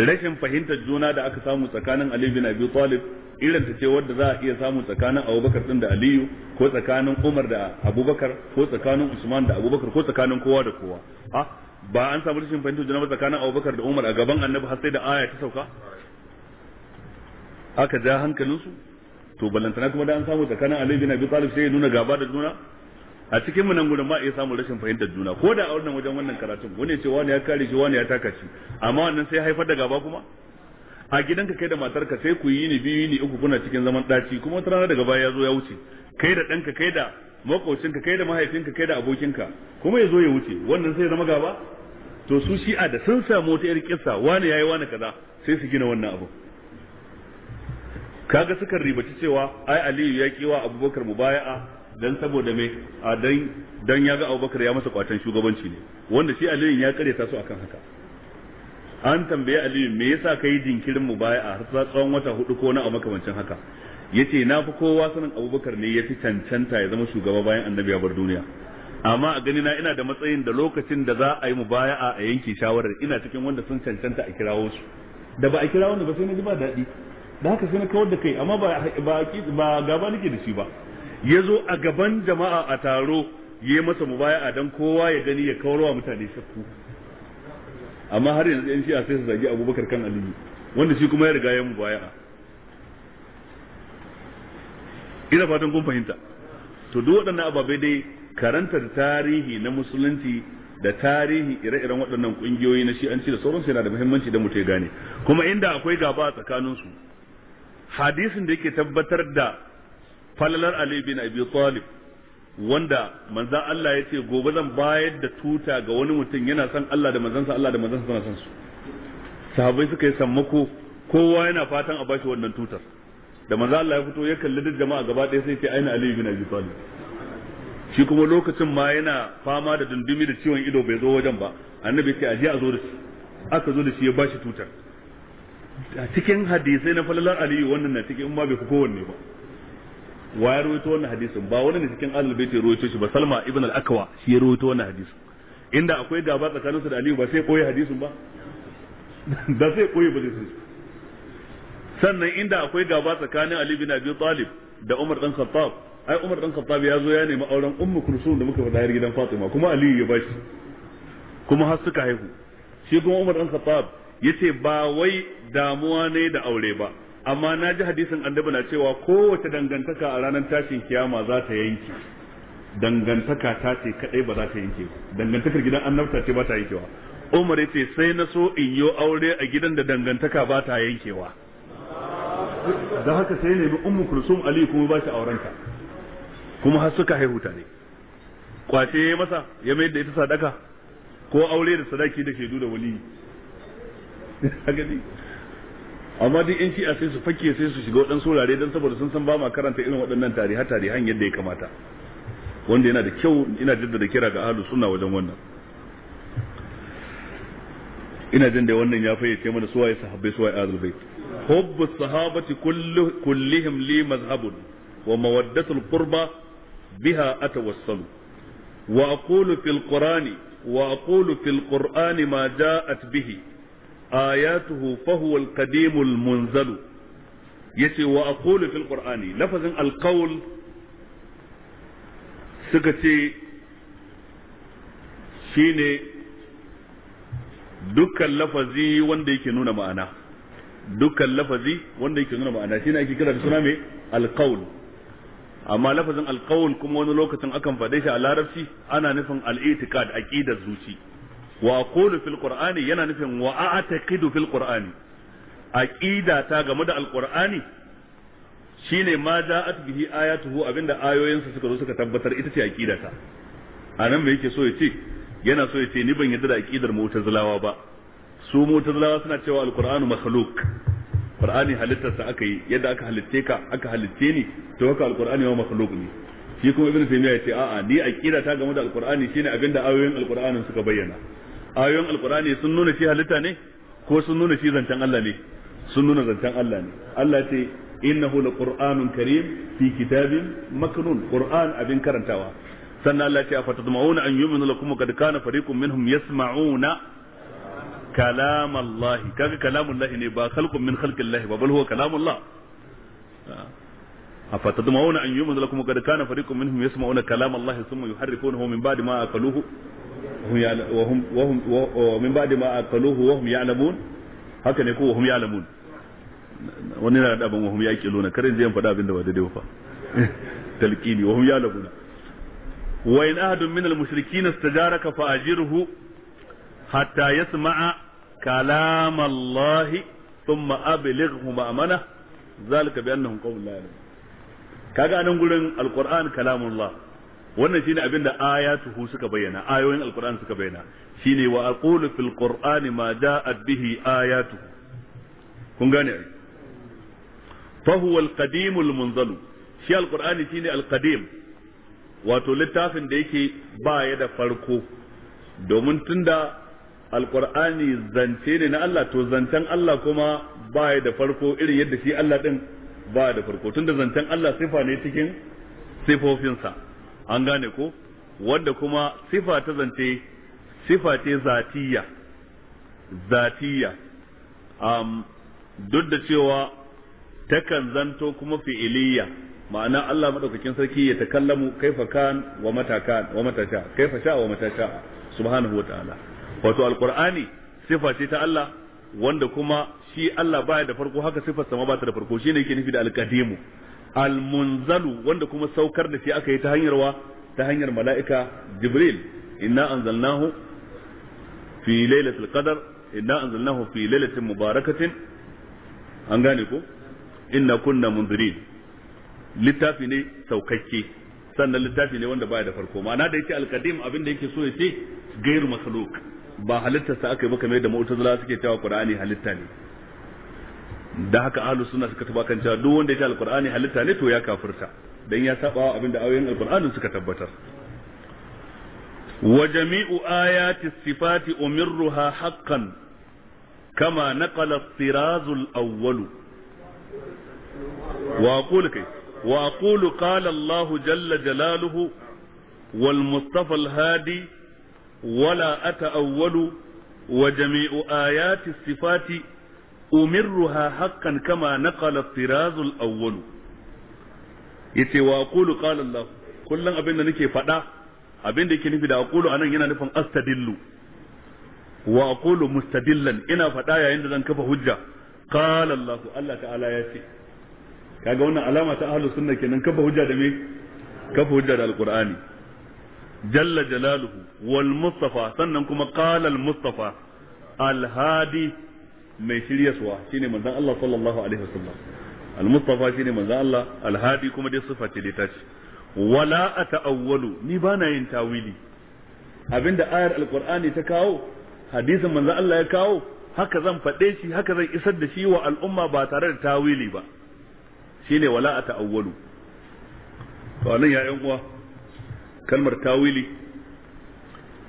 rashin fahimtar juna da aka samu tsakanin Ali bin Abi Talib irin ta ce wadda za a iya samu tsakanin Abubakar din da Aliyu ko tsakanin Umar da Abubakar ko tsakanin Usman da Abubakar ko tsakanin kowa da kowa a ba an samu rashin fahimtar juna ba tsakanin Abubakar da Umar a gaban Annabi har sai da aya ta sauka aka ja hankalinsu to ballantana kuma da an samu tsakanin Aliyu bin Abi Talib sai ya nuna gaba da juna a cikin mu nan gurin ba iya samun rashin fahimtar juna ko da a wannan wajen wannan karatun wani ya ce wani ya kare shi wani ya taka shi amma wannan sai haifar da gaba kuma a gidanka kai da matarka sai ku yi ni biyu ni uku kuna cikin zaman daci kuma wata rana daga baya ya zo ya wuce kai da ɗanka kai da makocinka kai da mahaifinka kai da abokinka kuma ya zo ya wuce wannan sai zama gaba to su shi a da sun samu wata yar kissa wani yayi wani kaza sai su gina wannan abu kaga sukan ribaci cewa ai aliyu ya kiwa abubakar mubaya'a dan saboda me a dan dan yaga abubakar ya masa kwatan shugabanci ne wanda shi aliyu ya kare ta su akan haka an tambaye aliyu me yasa kai jinkirin mu baya a harsa tsawon wata hudu ko na a makamancin haka yace na fi kowa sanin abubakar ne ya fi cancanta ya zama shugaba bayan annabi ya bar duniya amma a gani na ina da matsayin da lokacin da za a yi mubaya'a a yanke shawarar ina cikin wanda sun cancanta a kirawo su da ba a kira wanda ba sai na ji ba daɗi da haka sai na kawar da kai amma ba ba gaba nake da shi ba ya zo a gaban jama'a a taro ya masa mubaya'a dan kowa ya gani ya kawar wa mutane shakku amma har yanzu yan shi'a sai su zagi abubakar kan aliyu wanda shi kuma ya riga ya mubaya'a ina fatan kun fahimta to duk waɗannan ababai dai karantar tarihi na musulunci da tarihi ire-iren waɗannan ƙungiyoyi na shi'anci da sauransu yana da muhimmanci da mutai gane kuma inda akwai gaba a tsakaninsu hadisin da yake tabbatar da falalar Ali na Abi Talib wanda manzan Allah ya ce gobe zan bayar da tuta ga wani mutum yana son Allah da manzansa Allah da manzansa suna son su Sahabai suka yi sammako kowa yana fatan a bashi wannan tutar da manzan Allah ya fito ya kalli duk jama'a gaba ɗaya sai ce aina Aliyu bin Abi Talib shi kuma lokacin ma yana fama da dundumi da ciwon ido bai zo wajen ba annabi ce aje a zo da shi aka zo da shi ya bashi tutar a cikin hadisai na falalar Aliyu wannan na cikin in ma bai fi kowanne ba wa ya rawaito wannan hadisin ba wani ne cikin ahlul bait ya rawaito shi ba salma ibn al-akwa shi ya rawaito wannan hadisin inda akwai gaba tsakanin su da aliyu ba sai koyi hadisin ba da sai koyi ba sai sannan inda akwai gaba tsakanin ali bin abi talib da umar dan khattab ai umar dan khattab ya zo ya nemi auren ummu kulsum da muka faɗa yar gidan fatima kuma aliyu ya bashi kuma har suka haihu shi kuma umar dan khattab yace ba wai damuwa ne da aure ba amma na ji hadisin annabi na cewa kowace dangantaka a ranar tashin kiyama za ta yanke dangantaka ta ce kadai ba za ta yanke ba dangantakar gidan annabta ce ba ta yankewa umar yace sai na so in yi aure a gidan da dangantaka ba ta yankewa da haka sai ne bi ummu kulsum ali kuma ba shi aurenta kuma har suka haihu tare kwace ya masa ya mai da ita sadaka ko aure da sadaki da shaidu da wali amma duk yan a sai su fake sai su shiga waɗansu wurare don saboda sun san ba ma karanta irin waɗannan tariha tarihan yadda ya kamata wanda yana da kyau ina jaddada kira ga ahlus sunna wajen wannan ina jin da wannan ya fayyace mana suwaye sahabbai suwaye ahlul bait hubbu sahabati kullihim li mazhabun wa al qurba biha atawassalu wa aqulu fil qur'ani wa aqulu fil qur'ani ma ja'at bihi ayatuhu fa huwa al-qadimul munzalu yace wa aqulu fil qur'ani lafazin al-qawl suka ce shine dukkan lafazi wanda yake nuna ma'ana dukkan lafazi wanda yake nuna ma'ana shine ake kira da suna mai alqaul amma lafazin alqaul kuma wani lokacin akan faɗe shi a larabci ana nufin al-i'tiqad aqidar zuci wa aqulu fil qur'ani yana nufin wa a'taqidu fil qur'ani aqida ta game da alqur'ani shine ma ja'at bihi ayatuhu abinda ayoyinsa suka zo suka tabbatar ita ce aqida ta anan me yake so ya ce yana so ya ce ni ban yarda da aqidar mu'tazilawa ba su mu'tazilawa suna cewa alqur'anu makhluq qur'ani halittarsa aka yi yadda aka halitte ka aka halitte ni to haka alqur'ani ma makhluq ne shi kuma ibnu taymiya ya ce a'a ni aqida ta game da alqur'ani shine abinda ayoyin alqur'anin suka bayyana ayoyin alkurani sun nuna shi halitta ne ko sun nuna shi zancen Allah ne sun nuna zancen Allah ne Allah ce innahu laqur'anun karim fi kitabin maknun qur'an abin karantawa sannan Allah ce afatadmauna an yu'minu lakum kad kana fariqun minhum yasma'una kalam Allah kaga kalamun Allah ne ba khalqun min khalqillah ba bal huwa kalamun Allah afatadmauna an yu'minu lakum kad kana fariqun minhum yasma'una kalam Allah thumma yuharrifunahu min ba'di ma وهم ma ومن بعد ما أكلوه وهم يعلمون haka ne ko wahum ya lamun wani na da wa wahum ya ke lona karin zai faɗa abin da ba daidai ba talqini ya lamun. wa in ahadun min al-mushrikin istajaraka fa ajirhu hatta yasma'a kalam Allah thumma ablighhu ma'amana gurin wannan shine abin da ayatuhu suka bayyana ayoyin alquran suka bayyana shine wa aqulu fil qur'ani ma ja'at bihi ayatu kun gane fa huwa al qadim al munzalu shi alqur'ani shine al qadim wato littafin da yake ba ya da farko domin tunda alqur'ani zance ne na Allah to zancen Allah kuma baya da farko irin yadda shi Allah din baya da farko tunda zancen Allah sifa ne cikin sifofinsa an gane ko wanda kuma sifa ta zance sifa ce zatiya zatiya um, duk da cewa takan zanto kuma fi'iliyya ma'ana Allah madaukakin sarki ya takallamu kaifa kan wa mataka wa matasha kaifa sha wa matasha subhanahu wa ta'ala wato alqur'ani sifa ce ta Allah wanda kuma shi Allah baya da farko haka sifarsa ma ba ta da farko shine yake nufi da alqadimu almunzalu wanda kuma saukar da shi aka yi ta hanyar wa ta hanyar mala'ika jibril inna anzalnahu fi lailatul qadar inna anzalnahu fi lailatin mubarakatin an gane ko inna kunna munzirin littafi ne saukakke sannan littafi ne wanda baya da farko ma'ana da yake alkadim abin da yake so ya ce gairu makhluq ba halittarsa aka yi ba kamar yadda mu'tazila suke cewa qur'ani halitta ne da haka ahlu suna suka taba kan cewa duk wanda ya ce alqur'ani halitta ne to ya kafirta dan ya saba abinda ayoyin alqur'anin suka tabbatar wa jami'u ayati sifati umirruha haqqan kama naqala at al-awwal wa aqulu kay wa aqulu qala Allah jalla jalaluhu wal mustafa al-hadi wala wa jami'u ayati sifati umirruha hakan kama naqala firazul awwal yace wa aqulu qala Allah kullun abin da nake faɗa abin da yake nufi da aqulu anan yana nufin astadillu wa aqulu mustadillan ina faɗa yayin da zan kafa hujja qala Allah ta'ala ya ce kaga wannan alama ta ahlus sunna kenan kafa hujja da me kafa hujja da alqur'ani jalla jalaluhu wal mustafa sannan kuma qala al mustafa al mai shiryaswa shine manzon Allah sallallahu alaihi wasallam al-mustafa shine manzon Allah al-hadi kuma dai sifa ce ta ce wala ata'awwalu ni bana yin tawili abinda ayar alqur'ani ta kawo hadisin manzon Allah ya kawo haka zan faɗe shi haka zan isar da shi wa al'umma ba tare da tawili ba shine wala ata'awwalu to anan ya yan uwa kalmar tawili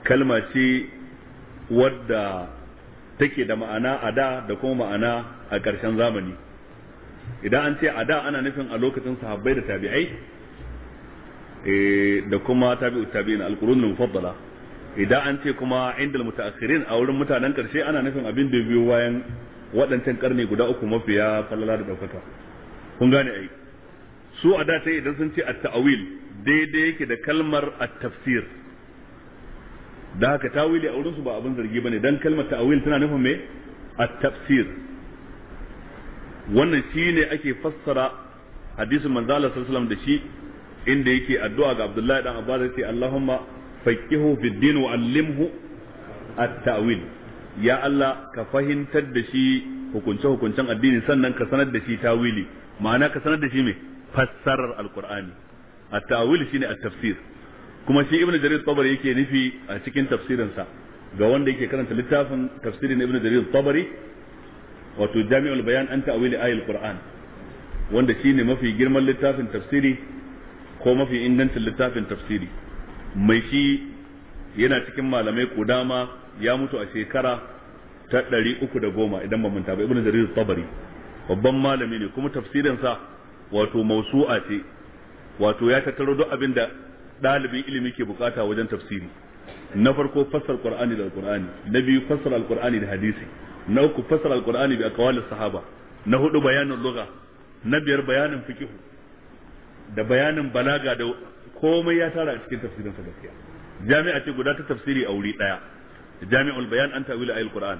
kalma ce wadda take da ma'ana a da da kuma ma'ana a ƙarshen zamani idan an ce a da ana nufin a lokacin sahabbai da tabi'ai eh, da kuma tabi'u tabi'in alqurun mufaddala idan an ce kuma indal mutaakhirin a wurin mutanen ƙarshe ana nufin abin da biyo bayan waɗancan ƙarni guda uku mafiya falala da ɗaukaka kun gane ai su a da ta idan sun ce at-ta'wil daidai yake da kalmar at-tafsir da haka tawili a wurin su ba abin zargi ne dan kalmar ta'awil tana nufin me at-tafsir wannan ne ake fassara hadisin manzo sallallahu da shi inda yake addu'a ga Abdullahi dan Abbas yace Allahumma faqihu fid din wa allimhu at-ta'wil ya Allah ka fahimtar da shi hukunce hukuncen addini sannan ka sanar da shi tawili ma'ana ka sanar da shi me fassarar alqur'ani at-ta'wil shine at-tafsir kuma shi ibnu jarir tabari yake nufi a cikin tafsirinsa ga wanda yake karanta littafin tafsirin ibnu jarir tabari wato jami'ul bayan an ta'wili ayatul qur'an wanda shine mafi girman littafin tafsiri ko mafi ingancin littafin tafsiri mai shi yana cikin malamai kudama ya mutu a shekara ta ɗari uku da goma idan ba manta ba ibnu jarir tabari babban malami ne kuma tafsirinsa wato mausu'a ce wato ya tattaro duk abin da ɗalibin ilimi ke bukata wajen tafsiri na farko fassar qur'ani da alqur'ani na biyu fassar alqur'ani da hadisi na uku fassar alqur'ani bi aqwalis sahaba na hudu bayanin lugha na biyar bayanin fiqh da bayanin balaga da komai ya tara a cikin tafsirin sa gaskiya jami'a ce guda ta tafsiri a wuri daya jami'ul bayan an ta'wil ayil qur'an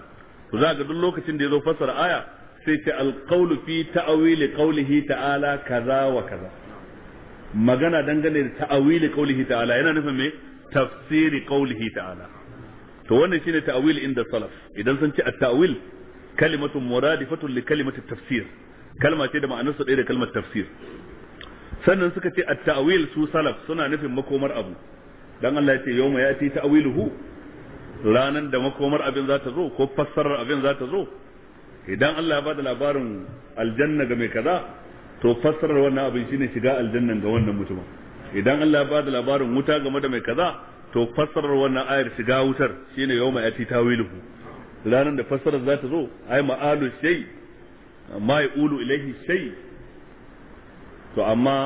to za ga duk lokacin da yazo fassara aya sai ta alqawlu fi ta'wili qawlihi ta'ala kaza wa kaza magana dangane da ta'awili qaulihi ta'ala yana nufin me tafsiri qaulihi ta'ala to wannan shine ta'awil inda salaf idan sun ci at-ta'awil kalimatun muradifatun li kalimati tafsir kalma ce da ma'anarsa ɗaya da kalmar tafsir sannan suka ce at-ta'awil su salaf suna nufin makomar abu dan Allah ya ce yawma yati ta'awiluhu ranan da makomar abin za ta zo ko fassarar abin za ta zo idan Allah ya bada labarin aljanna ga mai kaza to fassarar wannan abin shine shiga aljannan ga wannan mutumin idan Allah ba da labarin wuta game da mai kaza to fassarar wannan ayar shiga wutar shine yawma yati tawiluhu ranar da fassarar za ta zo ai ma'alu shay ma yaqulu ilayhi shay to amma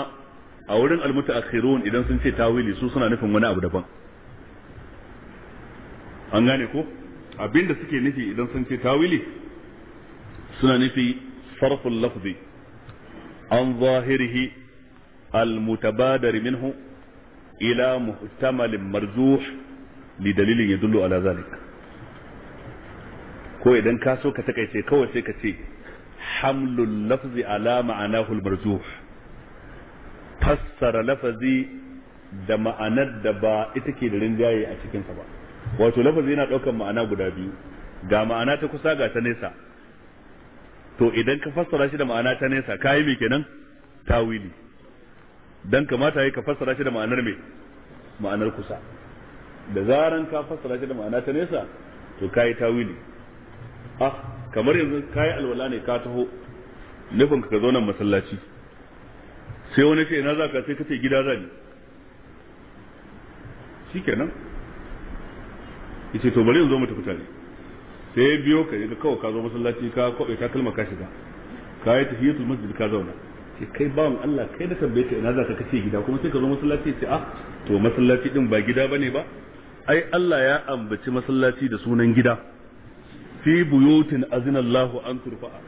a wurin almutaakhirun idan sun ce tawili su suna nufin wani abu daban an gane ko abinda suke nufi idan sun ce tawili suna nufi sarful lafzi an zahirihi المتبادر منه إلى محتمل مرجوح لدليل يدل ala ذلك ko idan ka so ka takaice kawai sai ka ce hamlul lafzi ala ma'anahu marjuh fassara lafazi da ma'anar da ba ita ke da rinjaye a cikin sa ba wato lafazi yana daukan ma'ana guda biyu ga ma'ana ta kusa ga ta nesa to idan ka fassara shi da ma'ana ta nesa kayi mai kenan tawili dan kamata yi ka fassara shi da ma'anar me ma'anar kusa da zaran ka fassara shi da ma'ana ta nesa to kayi tawili ah kamar yanzu kayi alwala ne ka taho nufin ka zo nan masallaci sai wani ce ina za ka sai ka gida za ni shikenan yace to bari yanzu mu tafi tare sai ya biyo ka ga kawai ka zo masallaci ka kwabe ta kalma ka shiga ka yi tul masjid ka zauna sai kai mu Allah kai da tambaye ta ina za ka kace gida kuma sai ka zo masallaci sai ah to masallaci din ba gida bane ba ai Allah ya ambaci masallaci da sunan gida fi buyutin Allahu an turfa'a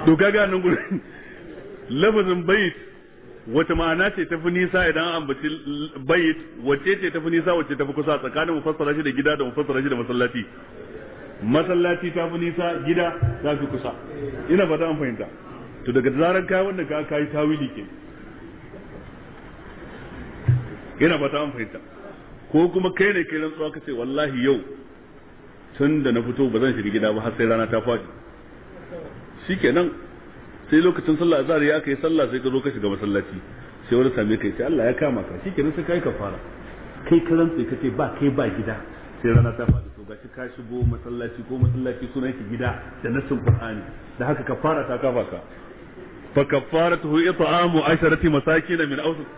to kaga nan gurin lafazin bait wata ma'ana ce tafi nisa idan an ambaci bayit wacce ce tafi nisa wacce tafi kusa tsakanin mufassara shi da gida da mufassara shi da masallaci masallaci tafi nisa gida ta fi kusa ina fata an fahimta to daga zarar kai wannan ka kai tawili ke ina fata an fahimta ko kuma kai ne kai rantsuwa ka ce wallahi yau tun da na fito ba zan shiga gida ba har sai rana ta fadi shikenan sai lokacin sallah azhar ya kai sallah sai ka zo ka shiga masallaci sai wani same ka Sai Allah ya kama ka shikenan sai kai kafara kai ka rantsa kace ba kai ba gida sai rana ta faɗi to gashi ka shigo masallaci ko masallaci sunan ki gida da nassin Qur'ani da haka kafara ta kafa ka fa kafaratuhu it'amu asharati masakin min awsat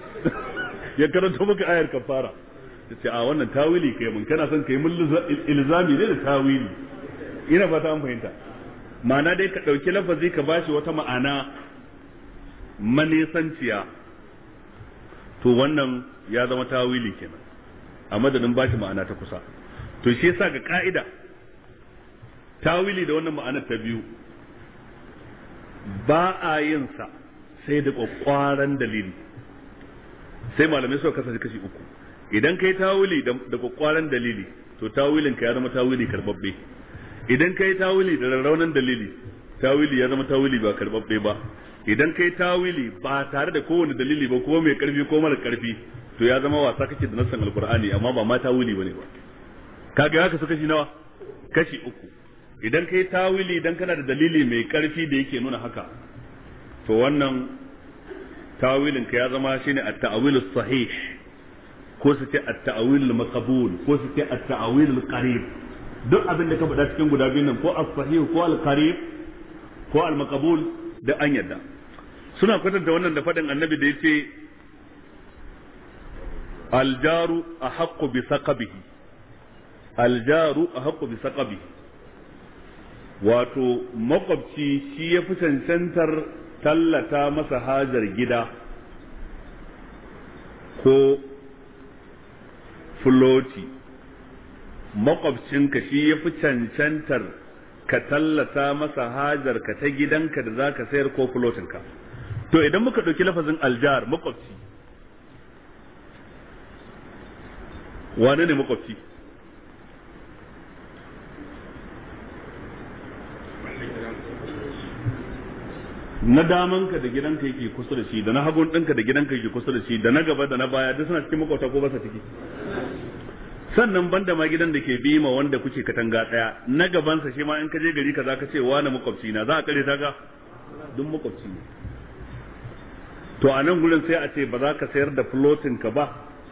ya karanto maka ayar kafara ce a wannan tawili kai mun kana son kai mun ilzami ne da tawili ina fata an fahimta ma'ana dai ka ɗauki lafazi ka bashi wata ma'ana manisanciya to wannan ya zama tawili kenan a madadin bashi ma'ana ta kusa to shi yasa ga ka'ida tawili da wannan ma'anar ta biyu ba a yin sa sai da kwakwaran dalili sai malamai suka kasance kashi uku idan kai tawili da kwakwaran dalili to tawilin ka ya zama tawili karbabbe idan kai tawili da raunin dalili tawili ya zama tawili ba karbabbe ba idan kai tawili ba tare da kowane dalili ba ko mai karfi ko mara karfi to ya zama wasa kake da nassan alqur'ani amma ba ma tawili bane ba kaga haka suka kashi nawa kashi uku idan kai tawili idan kana da dalili mai karfi da yake nuna haka to wannan tawilin ka ya zama shine at-ta'wil sahih ko su ce at-ta'wil maqbul ko su ce at-ta'wil qarib duk abin da ka faɗa cikin guda biyun nan ko as-sahih ko al-qarib ko al-maqbul da an yadda suna kwatanta wannan da faɗin annabi da yace al-jaru ahaqqu bi saqabihi al-jaru ahaqqu bi saqabihi wato makwabci shi ya fi cancantar tallata masa hajar gida ko fuloti makwabcinka shi ya fi cancantar ka tallata masa hajar ka ta gidanka da za ka sayar ko fulotinka to idan muka ɗauki lafazin aljar makwabci wane ne makwabci na damanka da gidanka yake kusa da shi da na hagun ɗinka da gidanka yake kusa da shi da na gaba da na baya duk suna cikin makwabta ko ba ciki sannan da ma gidan da ke bima wanda kuke katanga daya na gabansa shi ma in ka je gari kaza ka ce wa na makwabci na za a kare ta duk makwabci ne to a nan gurin sai a ce ba za ka sayar da floating ka ba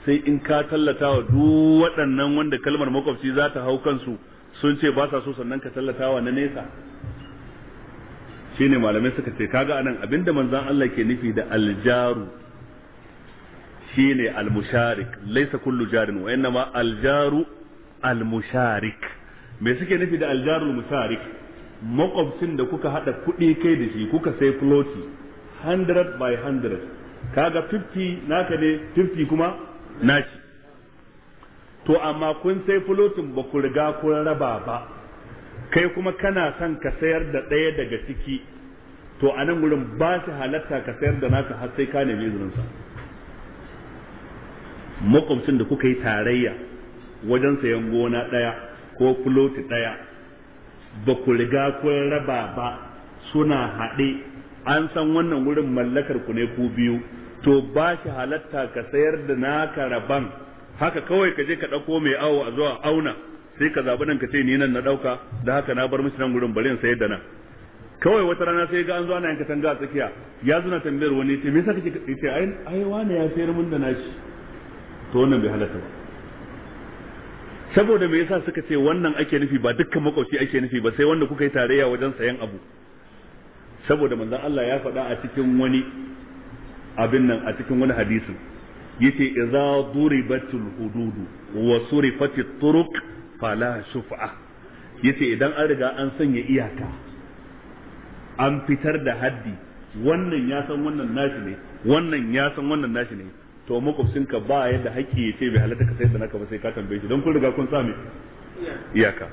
sai in ka tallata wa duk waɗannan wanda kalmar makwabci za ta hau kansu sun ce ba sa so sannan ka tallata wa na nesa shine malamai suka ce kaga anan abinda manzon Allah ke nufi da aljaru shine al-musharik laysa kullu jarin wa innama al-jaru al-musharik me suke nufi da aljaru jaru al makwabcin da kuka hada kuɗi kai da shi kuka sai floti 100 by 100 kaga 50 naka ne 50 kuma naci, to amma kun sai filotin ba ku riga kun raba ba kai kuma kana son ka sayar da ɗaya daga ciki to a nan wurin ba shi halatta ka sayar da naka har sai ka nemi izininsa makwabcin da kuka yi tarayya wajen sayan gona ɗaya ko fuloti ɗaya ba ku riga kun raba ba suna haɗe an san wannan wurin mallakar ku ne ku biyu to ba shi halatta ka sayar da naka raban haka kawai ka je ka ɗauko mai awo a zuwa auna sai ka zaɓi nan ka ce ni nan na ɗauka da haka na bar musu nan gurin bari in sayar da nan kawai wata rana sai ga an zo ana yanka tanga a tsakiya ya zuna tambayar wani ce me yasa kake ce ai ai wani ya sayar mun da nashi to wannan bai halatta ba saboda me yasa suka ce wannan ake nufi ba dukkan makwabci ake nufi ba sai wanda kuka yi tarayya wajen sayan abu saboda manzon Allah ya faɗa a cikin wani abin nan a cikin wani hadisin yace idza duribatul hudud wa surifatit turuq fala shuf'a yace idan an riga an sanya iyaka an fitar da haddi wannan ya san wannan nashi ne wannan ya san wannan nashi ne to ka ba yadda haƙƙi ya ce bai halatta ka sayar da naka ba sai ka tambaye shi don kun riga kun sami me iyaka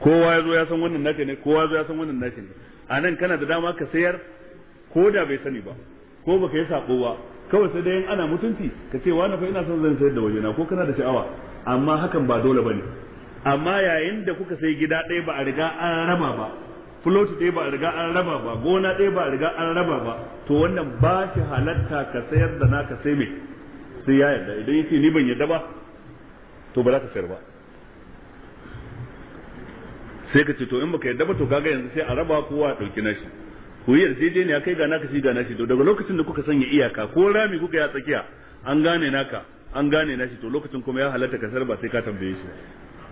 kowa ya zo ya san wannan naka ne kowa ya zo ya san wannan naka ne a nan kana da dama ka sayar ko da bai sani ba ko baka yi sako ba kawai sai dai ana mutunci ka ce wani fa ina son zan sayar da wajena ko kana da sha'awa amma hakan ba dole bane amma yayin da kuka sai gida ɗaya ba a riga an raba ba fuloti ɗaya ba a riga an raba ba gona ɗaya ba a riga an raba ba to wannan ba shi halatta ka sayar da naka sai mai sai ya yarda idan yace ni ban yarda ba to ba za ka sayar ba sai ka ce to in baka yarda ba to kaga yanzu sai a raba kowa a dauki nashi ku yi a kai ga naka shi ga nashi to daga lokacin da kuka sanya iyaka ko rami kuka ya tsakiya an gane naka an gane nashi to lokacin kuma ya halatta ka sarba sai ka tambaye shi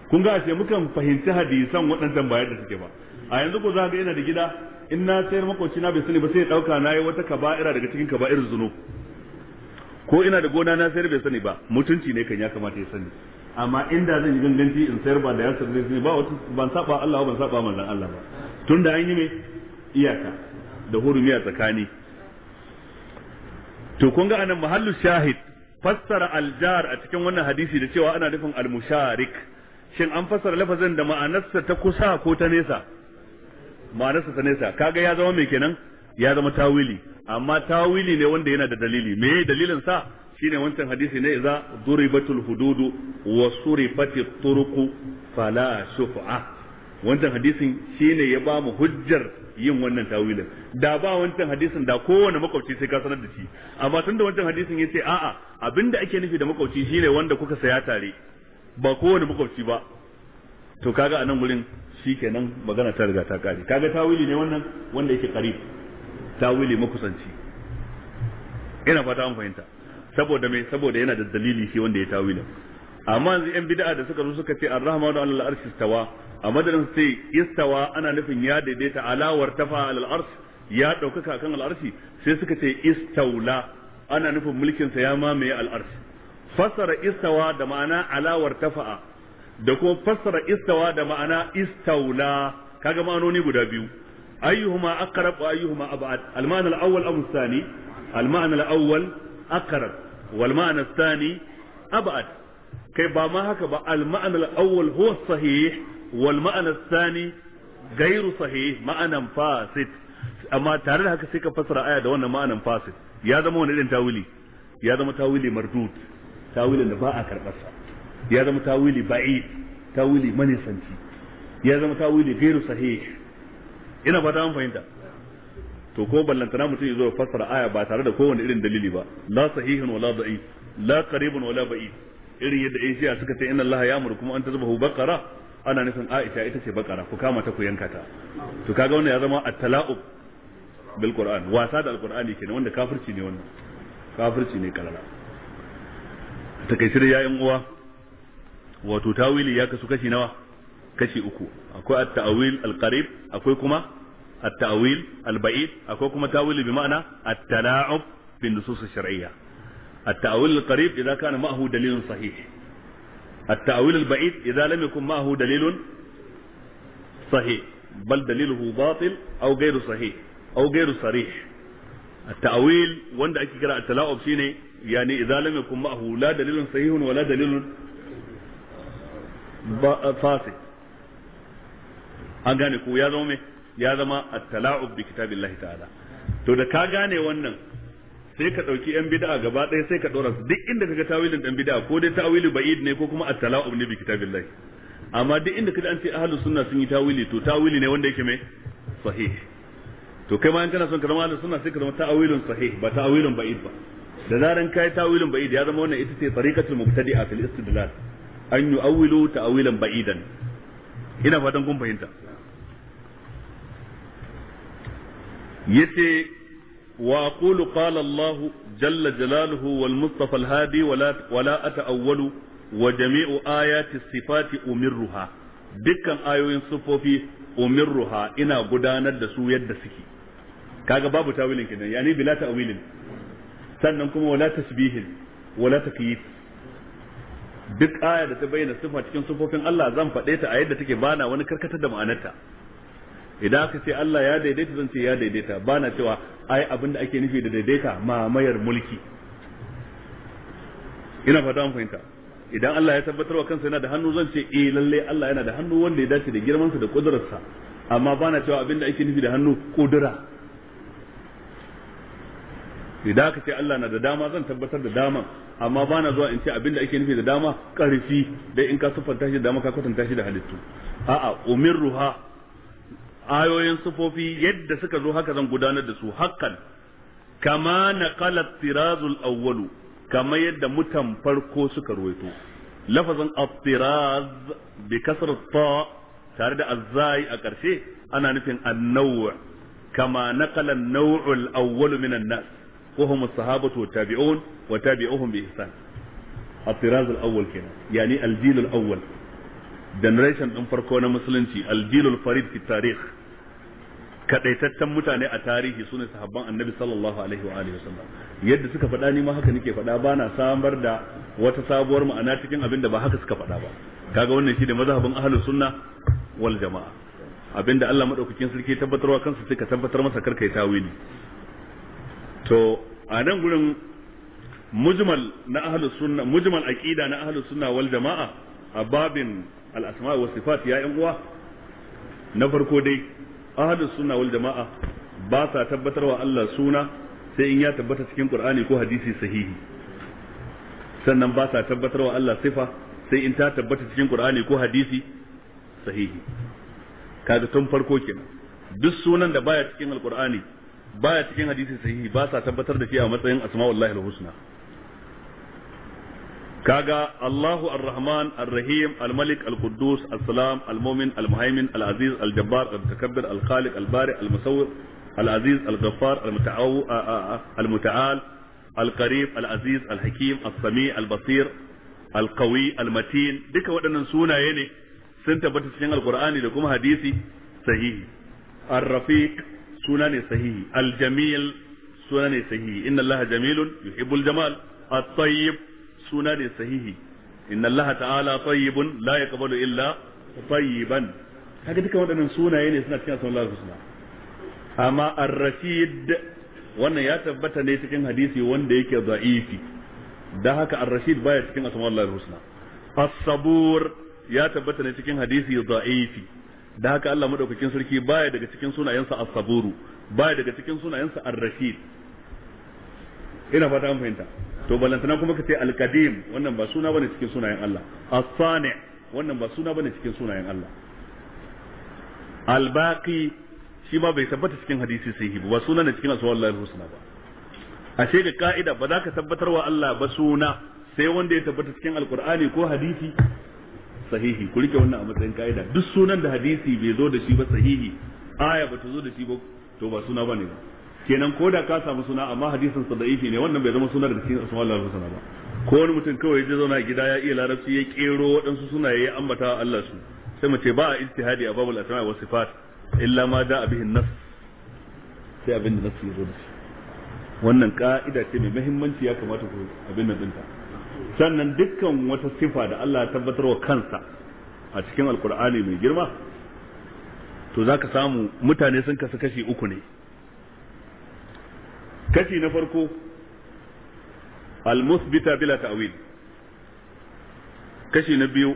kun ga ashe mukan fahimci hadisan waɗannan bayar da suke ba a yanzu ko za ga yana da gida in na sayar makocina bai sani ba sai ya dauka yi wata kaba'ira daga cikin kaba'ir zunub ko ina da gona na sayar bai sani ba mutunci ne kan ya kamata ya sani amma inda zan yi ganganci in sayar ba da yasir zai sani ba wata ban saba Allah ban saba manzon Allah ba tunda an yi mai iyaka da hurumi a tsakani to kun ga anan mahallu shahid fassara aljar a cikin wannan hadisi da cewa ana nufin almusharik shin an fassara lafazin da ma'anarsa ta kusa ko ta nesa ma'anarsa ta nesa kaga ya zama mai kenan ya zama tawili amma tawili ne wanda yana da dalili me dalilin sa shine wancan hadisi ne idza duribatul hududu wa surifatit turuq fala shuf'a wancan hadisin shine ya ba mu hujjar yin wannan tawilin da ba wancan hadisin da kowane makwabci sai ka sanar da shi amma tunda wancan hadisin yace a'a abinda ake nufi da makwabci shine wanda kuka saya tare ba kowane makwabci ba to kaga a nan gurin shikenan magana ta riga ta kare kaga tawili ne wannan wanda yake qarib tawili makusanci ina fata an fahimta saboda me saboda yana da dalili shi wanda ya tawila amma yanzu yan bid'a da suka zo suka ce ar-rahmanu alal arshi istawa a madadin sai istawa ana nufin ya daidaita alawar tafa alal arshi ya ɗaukaka kan al'arshi sai suka ce istaula ana nufin mulkin sa ya mamaye al'arsu. fassara istawa da ma'ana alawar tafa'a da kuma fassara istawa da ma'ana istaula kaga ma'anoni guda biyu أيهما أقرب وأيهما أبعد المعنى الأول أو الثاني المعنى الأول أقرب والمعنى الثاني أبعد كي ما هكذا المعنى الأول هو الصحيح والمعنى الثاني غير صحيح معنى فاسد أما تعرف هكذا سيكا فسر آية دوانا معنى فاسد يا ذا مون إذن تاويلي يا ذا متاويلي مردود تاويلي نباء كربسا يا ذا متاويلي بعيد تاويلي مني سنتي يا ذا متاويلي غير صحيح ina ba ta an fahimta to ko ballantana mutum ya zo ya fassara aya ba tare da kowane irin dalili ba la sahihin wala da'i la qaribun wala ba'i irin yadda Aisha suka ce inna allaha ya'muru kuma an tazbahu baqara ana nufin Aisha ita ce baqara ku kama ta ku yanka ta to kaga wannan ya zama at-tala'ub bil Qur'an wasa da al-Qur'ani kenan wanda kafirci ne wannan kafirci ne kalala takaice da yayin uwa wato tawili ya kasu kashi nawa kashi uku akwai at-ta'wil al-qarib akwai kuma at-ta'wil al-ba'id akwai kuma tawil bi ma'ana at-tala'ub bin nusus ash-shar'iyya at-ta'wil al-qarib idza kana ma'ahu dalil sahih at-ta'wil al-ba'id idza lam yakun ma'ahu dalil sahih bal daliluhu batil aw ghayru sahih aw ghayru sarih at-ta'wil التأويل وند أكي كرا التلاعب شيني يعني إذا لم يكن معه لا دليل صحيح ولا دليل fasik an gane ko ya zama me ya zama at-tala'ub bi kitabillahi ta'ala to da ka gane wannan sai ka dauki yan bid'a gaba ɗaya sai ka dora su duk inda kaga tawilin dan bid'a ko dai tawili ba'id ne ko kuma at-tala'ub ne bi kitabillahi amma duk inda kaga an ce ahlus sunna sun yi tawili to tawili ne wanda yake me sahih to kai ma in kana son ka zama ahlus sunna sai ka zama ta'awilun sahih ba ta'awilun ba'id ba da zaran kai tawilin ba'id ya zama wannan ita ce tariqatul mubtadi'a fil istidlal an yu'awwilu ta'wilan ba'idan ina fatan kun fahimta yace wa aqulu qala Allah jalla jalaluhu wal mustafa al hadi wala wala ata'awwalu wa jami'u ayati sifati umirruha dukkan ayoyin sifofi umirruha ina gudanar da su yadda suke kaga babu tawilin kidan yani bila ta'wilin sannan kuma wala tasbihin wala takyif duk aya da ta bayyana sifa cikin sufofin Allah zan faɗe ta a yadda take bana wani karkatar da ma'anarta idan aka ce Allah ya daidaita zan ce ya daidaita ba na cewa ai abin da ake nufi da daidaita mamayar mulki ina fata an fahimta idan Allah ya tabbatar wa kansa yana da hannu zan ce eh lalle Allah yana da hannu wanda ya dace da girman sa da kudurar sa amma ba na cewa abin da ake nufi da hannu kudura idan aka ce Allah na da dama zan tabbatar da dama amma ba na zuwa in ce abin da ake nufi da dama karfi dai in ka siffanta shi da dama ka kwatanta shi da halittu a'a umirruha ayoyin sufofi yadda suka zo haka zan gudanar da su hakan kama naqala tirazul awwalu kama yadda mutan farko suka ruwaito lafazin at-tiraz bi kasrat ta tare da azzai a ƙarshe ana nufin an-naw' kama na an nau'ul awwalu min an-nas wa hum sahabatu wa tabi'un wa tabi'uhum bi ihsan at-tiraz al-awwal kenan yani al-jil al-awwal generation din farko na musulunci al-jil al-farid fi tarikh kadaitaccen mutane a tarihi sune sahabban annabi sallallahu alaihi wa alihi wasallam yadda suka faɗa ni ma haka nake faɗa ba na samar da wata sabuwar ma'ana cikin abin da ba haka suka faɗa ba kaga wannan shi da mazhabin ahlus sunna wal jama'a abinda Allah madaukakin sarki tabbatarwa kansa suka tabbatar masa karkai tawili to a nan gurin mujmal na ahlus sunna mujmal aqida na ahlus sunna wal jama'a a babin al asma wa sifat ya yan uwa na farko dai ahadu sunna wal jama'a ba sa wa Allah suna sai in ya tabbata cikin Qur'ani ko hadisi sahihi sannan ba sa wa Allah sifa sai in ta tabbata cikin Qur'ani ko hadisi sahihi kaga tun farko kenan duk sunan da baya cikin alqur'ani baya cikin hadisi sahihi ba sa tabbatar da shi a matsayin asma'ullahi al-husna kaga Allahu Ar-Rahman Ar-Rahim Al-Malik Al-Quddus As-Salam Al-Mu'min Al-Muhaymin Al-Aziz Al-Jabbar Al-Mutakabbir Al-Khaliq Al-Bari Al-Musawwir Al-Aziz Al-Ghaffar Al-Muta'al Al-Qarib Al-Aziz Al-Hakim As-Sami Al-Basir Al-Qawi Al-Matin duka waɗannan sunaye ne sun tabbata cikin Al-Qur'ani da kuma hadisi sahihi Ar-Rafiq suna ne sahihi Al-Jamil suna ne sahihi Inna Allah jamilun yuhibbul jamal At-Tayyib suna ne sahihi inna Allah ta'ala tayyibun la yaqbalu illa tayyiban kaga duka waɗannan sunaye ne suna cikin sunan Allah suna amma ar-rashid wannan ya tabbata ne cikin hadisi wanda yake da'ifi dan haka ar-rashid baya cikin asmaul Allah husna as-sabur ya tabbata ne cikin hadisi da'ifi dan haka Allah madaukakin sarki baya daga cikin sunayensa as-saburu baya daga cikin sunayensa ar-rashid ina fata an fahimta to balantana kuma ka ce alqadim wannan ba suna bane cikin sunayen Allah as-sani wannan ba suna bane cikin sunayen Allah al-baqi shi ma bai tabbata cikin hadisi sahihi ba suna ne cikin aswallahi husna ba ashe ga ka'ida ba za ka tabbatar wa Allah ba suna sai wanda ya tabbata cikin alqur'ani ko hadisi sahihi ku rike wannan a matsayin ka'ida duk sunan da hadisi bai zo da shi ba sahihi aya ba ta zo da shi ba to ba suna bane ba kenan ko da ka samu suna amma hadisin sa da'ifi ne wannan bai zama suna da cikin asma'ul husna ba ko wani mutum kawai ya zauna a gida ya iya larabci ya kero waɗansu sunaye ya ambata Allah su sai mu ce ba a ijtihadi a babul asma'i wa sifat illa ma da bihin nas sai abin da nas ya zo da shi wannan ka'ida ce mai muhimmanci ya kamata ku abin nan dinta sannan dukkan wata sifa da Allah ya tabbatar wa kansa a cikin alkur'ani mai girma to zaka samu mutane sun kasu kashi uku ne kashi na farko al-musbita bila ta'wil kashi na biyu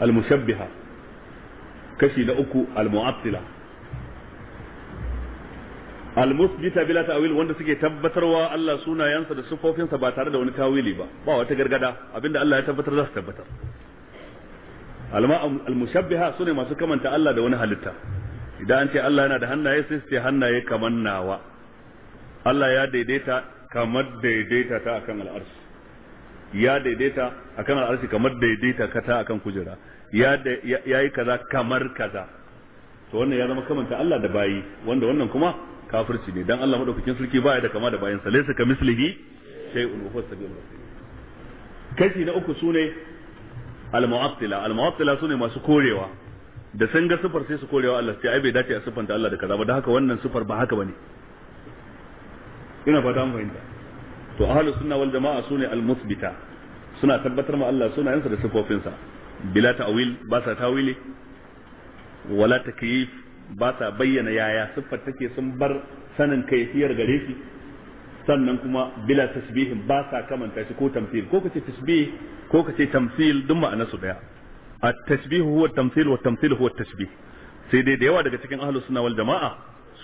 al-mushabbiha kashi na uku al-mu'attila al-musbita bila ta'wil wanda suke tabbatarwa Allah sunayensa da sifofinsa ba tare da wani tawili ba ba wata gargada abinda Allah ya tabbatar za su tabbatar sune masu kamanta Allah da wani halitta idan an ce Allah yana da hannaye sai sai ce hannaye kamar nawa Allah ya daidaita kamar daidaita ta akan al'arshi ya daidaita akan al'arshi kamar daidaita ka ta akan kujera ya yi kaza kamar kaza to wannan ya zama kamanta Allah da bayi wanda wannan kuma kafirci ne dan Allah madaukakin sarki baya da kama da bayin sa laysa kamislihi shay'un wa huwa sabiul basir kashi na uku sune al-mu'attila al-mu'attila sune masu korewa da sun ga sufar sai su korewa Allah sai ai bai dace a sufanta Allah da kaza ba da haka wannan sufar ba haka bane ina fata mun fahimta to ahlus sunna wal jamaa sune al musbita suna tabbatar ma Allah sunayensa da sifofinsa bila ta'wil ba sa tawili wala takyif ba sa bayyana yaya siffar take sun bar sanin kayfiyar gare shi sannan kuma bila tasbihin ba sa kamanta shi ko tamthil ko kace tasbih ko kace tamthil duk ma'anar su daya التشبيه هو التمثيل والتمثيل هو wa at-tamthil huwa sai yawa daga cikin ahlus sunna wal jama'a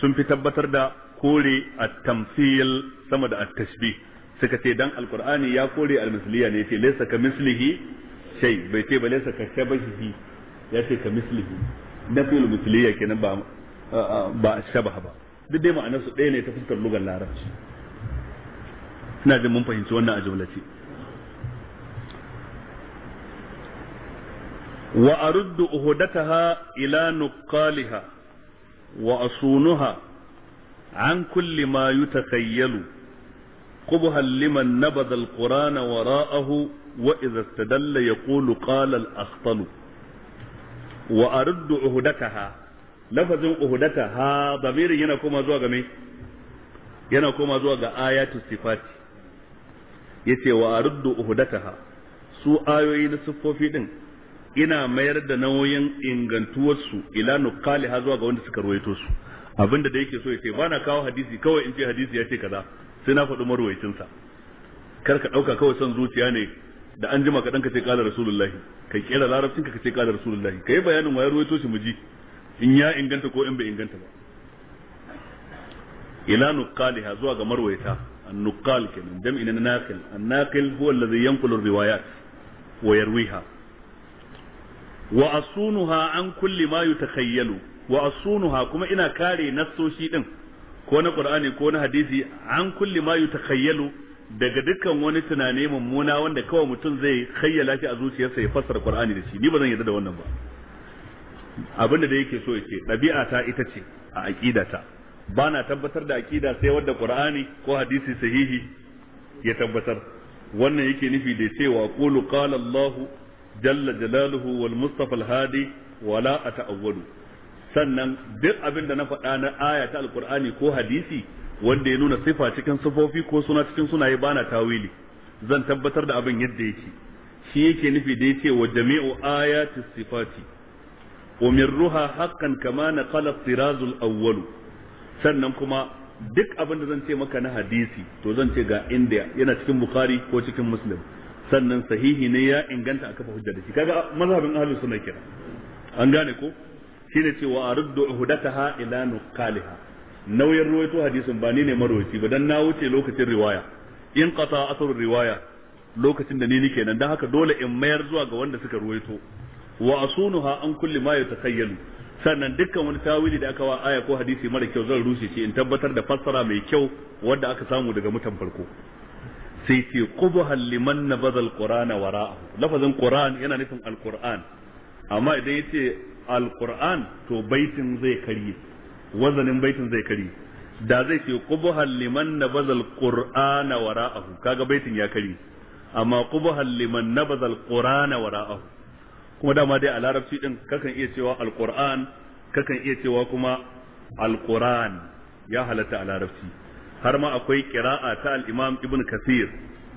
sun fi tabbatar da kore at-tamthil sama da at-tashbih suka ce dan alqur'ani ya kore al-misliya ne yace laysa ka mislihi shay bai ce ba laysa ka shabahihi ya ce ka mislihi nafil misliya kenan ba ba shabaha ba duk dai ma'anar su ɗaya ne ta fuskar lugar larabci ina jin mun fahimci wannan a jumlace wa aruddu uhudataha ila nuqaliha wa asunuha an kulli ma yutakhayyalu قبها لمن نبذ القرآن وراءه وإذا استدل يقول قال الأخطل وأرد عهدتها لفظ عهدتها ضمير ينكم زوغ مي ينكم زوغ آيات الصفات yace wa aruddu su ayoyi na siffofi din ina mayar da nauyin ingantuwarsu ila nukali ha zuwa ga wanda suka ruwaito su abinda da yake so ya ce ba na kawo hadisi kawai in ce hadisi ya ce kaza sai na faɗi marwaicinsa kar ka ɗauka kawai son zuciya ne da an jima kaɗan ka ce ƙala rasulullahi ka ƙera larabcinka ka ce ƙala rasulullahi ka yi bayanin wayar ruwaito shi mu ji in ya inganta ko in bai inganta ba ila ha zuwa ga marwaita an-nuqal kenan jam'i na naqil an-naqil huwa alladhi yanqulu riwayat wa yarwiha wa asunuha an kulli ma yutakhayyalu wa asunuha kuma ina kare nassoshi din ko na qur'ani ko na hadisi an kulli ma yutakhayyalu daga dukkan wani tunani mummuna wanda kawai mutum zai khayyala shi a zuciyarsa ya fassara qur'ani da shi ni ba zan yarda da wannan ba abin da yake so ya dabi'a ta ita ce a aƙidata ba na tabbatar da aƙida sai wadda qur'ani ko hadisi sahihi ya tabbatar wannan yake nufi da cewa qulu qala allah jalla jalaluhu wal mustafa al-hadi wala ata'awwadu sannan duk abin da na faɗa na aya ta alqur'ani ko hadisi wanda ya nuna sifa cikin sifofi ko suna cikin sunaye bana tawili zan tabbatar da abin yadda yake shi yake nufi da yace wa jami'u ayati sifati umirruha haqqan kama naqala tirazul awwal sannan kuma duk abin da zan ce maka na hadisi to zan ce ga inda yana cikin bukhari ko cikin muslim sannan sahihi ne ya inganta a kafa hujja da shi kaga mazhabin ahlus sunna kira an gane ko shine cewa aruddu uhdataha ila nuqaliha nauyin ruwaito hadisin ba ni ne marwaci ba dan na wuce lokacin riwaya in qata asrul riwaya lokacin da ni ne kenan dan haka dole in mayar zuwa ga wanda suka ruwaito wa asunuha an kulli ma yatakhayyalu sannan dukkan wani tawili da aka wa aya ko hadisi mara kyau zan rushe shi in tabbatar da fassara mai kyau wadda aka samu daga mutan farko sai ce na bazal nabadha alqur'ana wara'ahu lafazin qur'an yana nufin alqur'an amma idan ya yace alqur'an to baitin zai kari wazanin baitin zai kari da zai ce qubhan liman nabadha alqur'ana wara'ahu kaga baitin ya kari amma na bazal nabadha alqur'ana wara'ahu kuma dama dai a larabci din kakan iya cewa alqur'an kakan iya cewa kuma alqur'an ya halatta a larabci har ma akwai kira'a ta al-imam ibn Kathir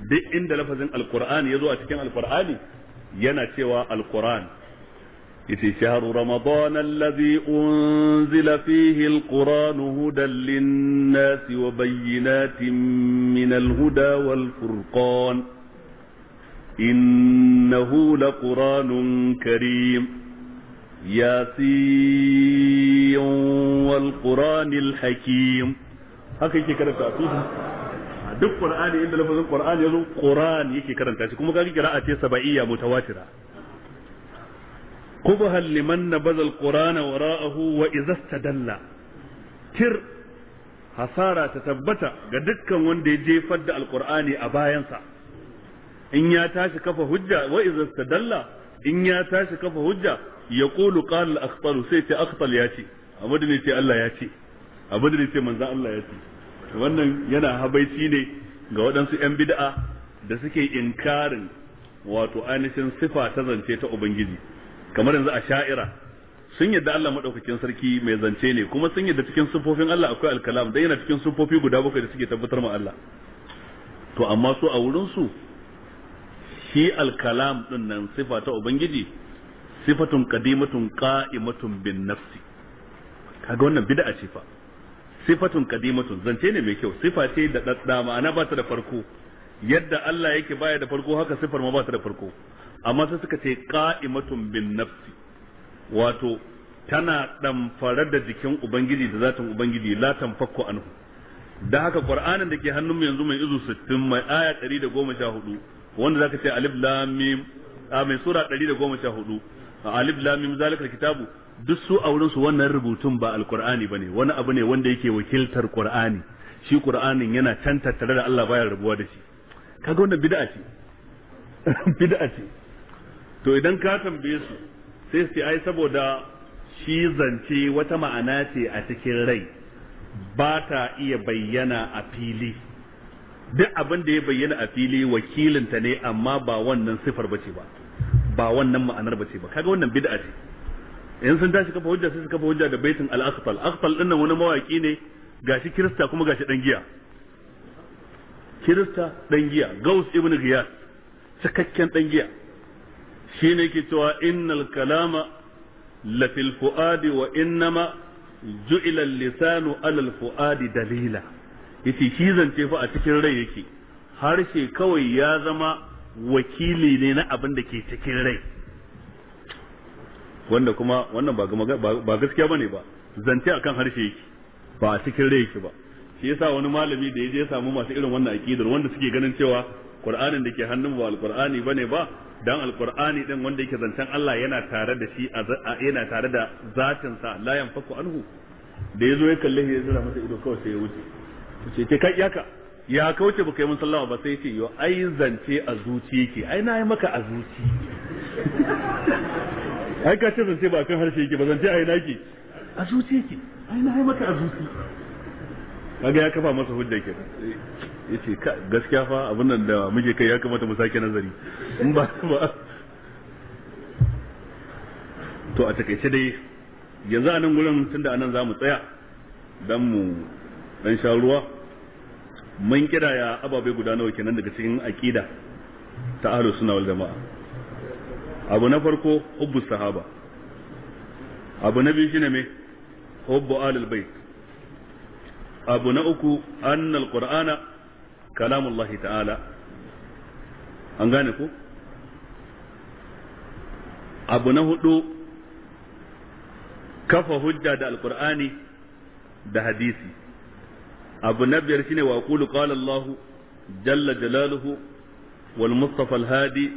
duk inda lafazin al-Qur'an ya zo a cikin al-Qur'ani yana cewa al-Qur'an yace shahru ramadan alladhi unzila fihi al-Qur'an hudan lin-nasi wa bayyinatin min al-huda wal-furqan innahu laqur'anun karim ياسين والقرآن الحكيم haka yake karanta fi duk qur'ani inda lafazin qur'ani yazo qur'an yake karanta shi kuma kaga qira'a ce sab'iyya mutawatira kubha liman nabaza alqur'ana wara'ahu wa idza istadalla tir hasara ta tabbata ga dukkan wanda ya jefar da alqur'ani a bayansa in ya tashi kafa hujja wa idza istadalla in ya tashi kafa hujja yaqulu qala al-akhtar sai ta akhtal ya ce a madani Allah ya ce abin da ya ce Allah ya ce wannan yana habaici ne ga waɗansu 'yan bid'a da suke inkarin wato ainihin sifa ta zance ta ubangiji kamar yanzu a sha'ira sun yadda Allah madaukakin sarki mai zance ne kuma sun yadda cikin sufofin Allah akwai alkalam dan yana cikin sufofi guda bakwai da suke tabbatar ma Allah to amma su a wurin su shi alkalam din nan sifa ta ubangiji sifatun qadimatun qa'imatun bin nafsi kaga wannan bid'a ce fa sifatun kadimatun zance ne mai kyau sifa ce da dadda ma'ana ba ta da farko yadda Allah yake baya da farko haka sifar ma ba ta da farko amma sai suka ce qa'imatun bin nafsi wato tana damfare da jikin ubangiji da zatin ubangiji la tanfakku anhu da haka qur'anin da ke hannunmu yanzu mai izu 60 mai aya 114 wanda zaka ce alif lam mim a mai sura 114 alif lam mim zalikal kitabu duk su a wurinsu wannan rubutun ba alkur'ani ba ne wani abu ne wanda yake wakiltar qur'ani shi qur'anin yana can tattare da Allah baya rubuwa da shi kaga wannan bid'a ce bid'a ce to idan ka tambaye su sai su ai saboda shi zance wata ma'ana ce a cikin rai ba ta iya bayyana a fili duk abin da ya bayyana a fili wakilinta ne amma ba wannan sifar bace ba ba wannan ma'anar bace ba kaga wannan bid'a ce in sun tashi kafa hujja sai su kafa hujja da baitin al-aqtal aqtal din nan wani mawaki ne gashi kirista kuma gashi dan giya kirista dan giya gaus ibn ghiyas cikakken dan giya shine yake cewa innal kalama la fil fuadi wa innama ju'ila al-lisanu ala al-fuadi dalila yace shi zance fa a cikin rai yake harshe kawai ya zama wakili ne na abin da ke cikin rai wanda kuma wannan ba gaskiya bane ba zance akan harshe yake ba a cikin rai yake ba shi yasa wani malami da yaje ya samu masu irin wannan akidar wanda suke ganin cewa Qur'anin da ke hannun ba alqur'ani bane ba dan alqur'ani din wanda yake zancen Allah yana tare da shi a yana tare da zatin sa la yanfaku anhu da yazo ya kalle shi ya zira masa ido kawai sai ya wuce ce ke kai yaka ya kauce baka yi mun sallama ba sai ce yo ai zance a zuci yake ai na yi maka a zuci ai ka ce zance ba kan harshe yake ba zance a ina yake a zuci yake ai na maka a zuci kaga ya kafa masa hujja ke yace gaskiya fa abin nan da muke kai ya kamata mu sake nazari in ba ba to a takaice dai yanzu a nan gurin tunda anan zamu tsaya dan mu dan sha ruwa mun kira ya ababai guda nawa kenan daga cikin aqida ta ahlus sunna wal jamaa abu na farko hubbu sahaba abu na biyu shine me hubbu alil bait abu na uku annal qur'ana kalamullahi ta'ala an gane ku abu na hudu kafa hujja da alqur'ani da hadisi abu na biyar shine wa qulu qala allah jalla jalaluhu wal mustafa al hadi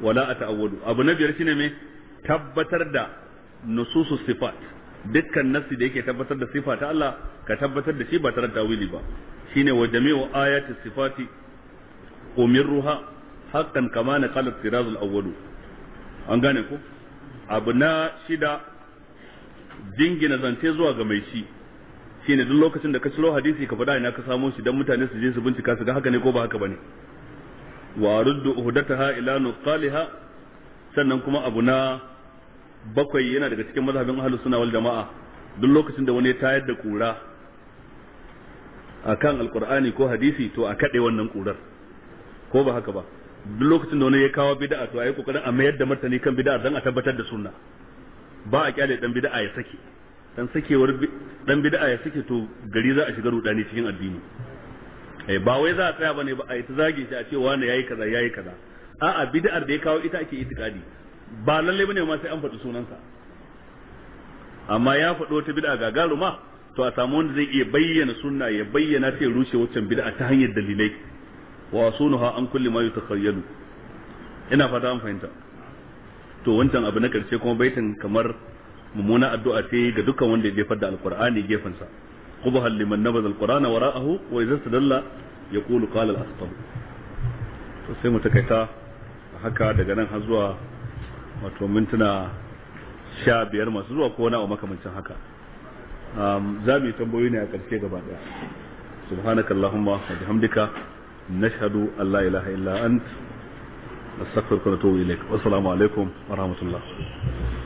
wala a ata'awwadu abu na biyar shine me tabbatar da nususu sifat dukkan nafsi da yake tabbatar da sifa ta Allah ka tabbatar da shi ba tare da tawili ba shine wa jami'u ayati sifati umirruha haqqan kama na qala siraz al-awwal an gane ko abu na shida dingina zance zuwa ga mai shi shine duk lokacin da ka ciro hadisi ka faɗa ina ka samo shi dan mutane su je su bincika su ga haka ne ko ba haka bane wa ruddu uhdataha ila nuqaliha sannan kuma abu na bakwai yana daga cikin mazhabin ahlus sunna wal jama'a duk lokacin da wani ya tayar da kura akan alqur'ani ko hadisi to a kade wannan kurar ko ba haka ba duk lokacin da wani ya kawo bid'a to ayi kokarin a mayar da martani kan bid'a dan a tabbatar da sunna ba a kyale dan bid'a ya sake dan sakewar dan bid'a ya sake to gari za a shiga rudani cikin addini eh ba wai za a tsaya bane ba a yi ta zage shi a ce wani yayi kaza yayi kaza a'a bid'ar da ya kawo ita ake itikadi ba lalle bane ma sai an faɗi sunansa amma ya faɗo ta bid'a gagaruma to a samu wanda zai iya bayyana sunna ya bayyana ta rushe waccan bid'a ta hanyar dalilai wa sunuha an kulli ma yutakhayyalu ina fata an fahimta to wancan abu na karshe kuma baitin kamar mummuna addu'a ce ga dukkan wanda ya jefar da alqur'ani gefansa قبها لمن نبذ القرآن zata وإذا ya يقول قال الأخطب sai mu takaita haka daga nan har zuwa wato mintuna sha biyar masu zuwa ko na'a makamancin haka za mu yi tambayoyi ne a ƙarshe gaba ɗaya subhanakallahumma wa bihamdika nashhadu an la ilaha illa ant nastaghfiruka wa natubu ilaik alaikum wa rahmatullah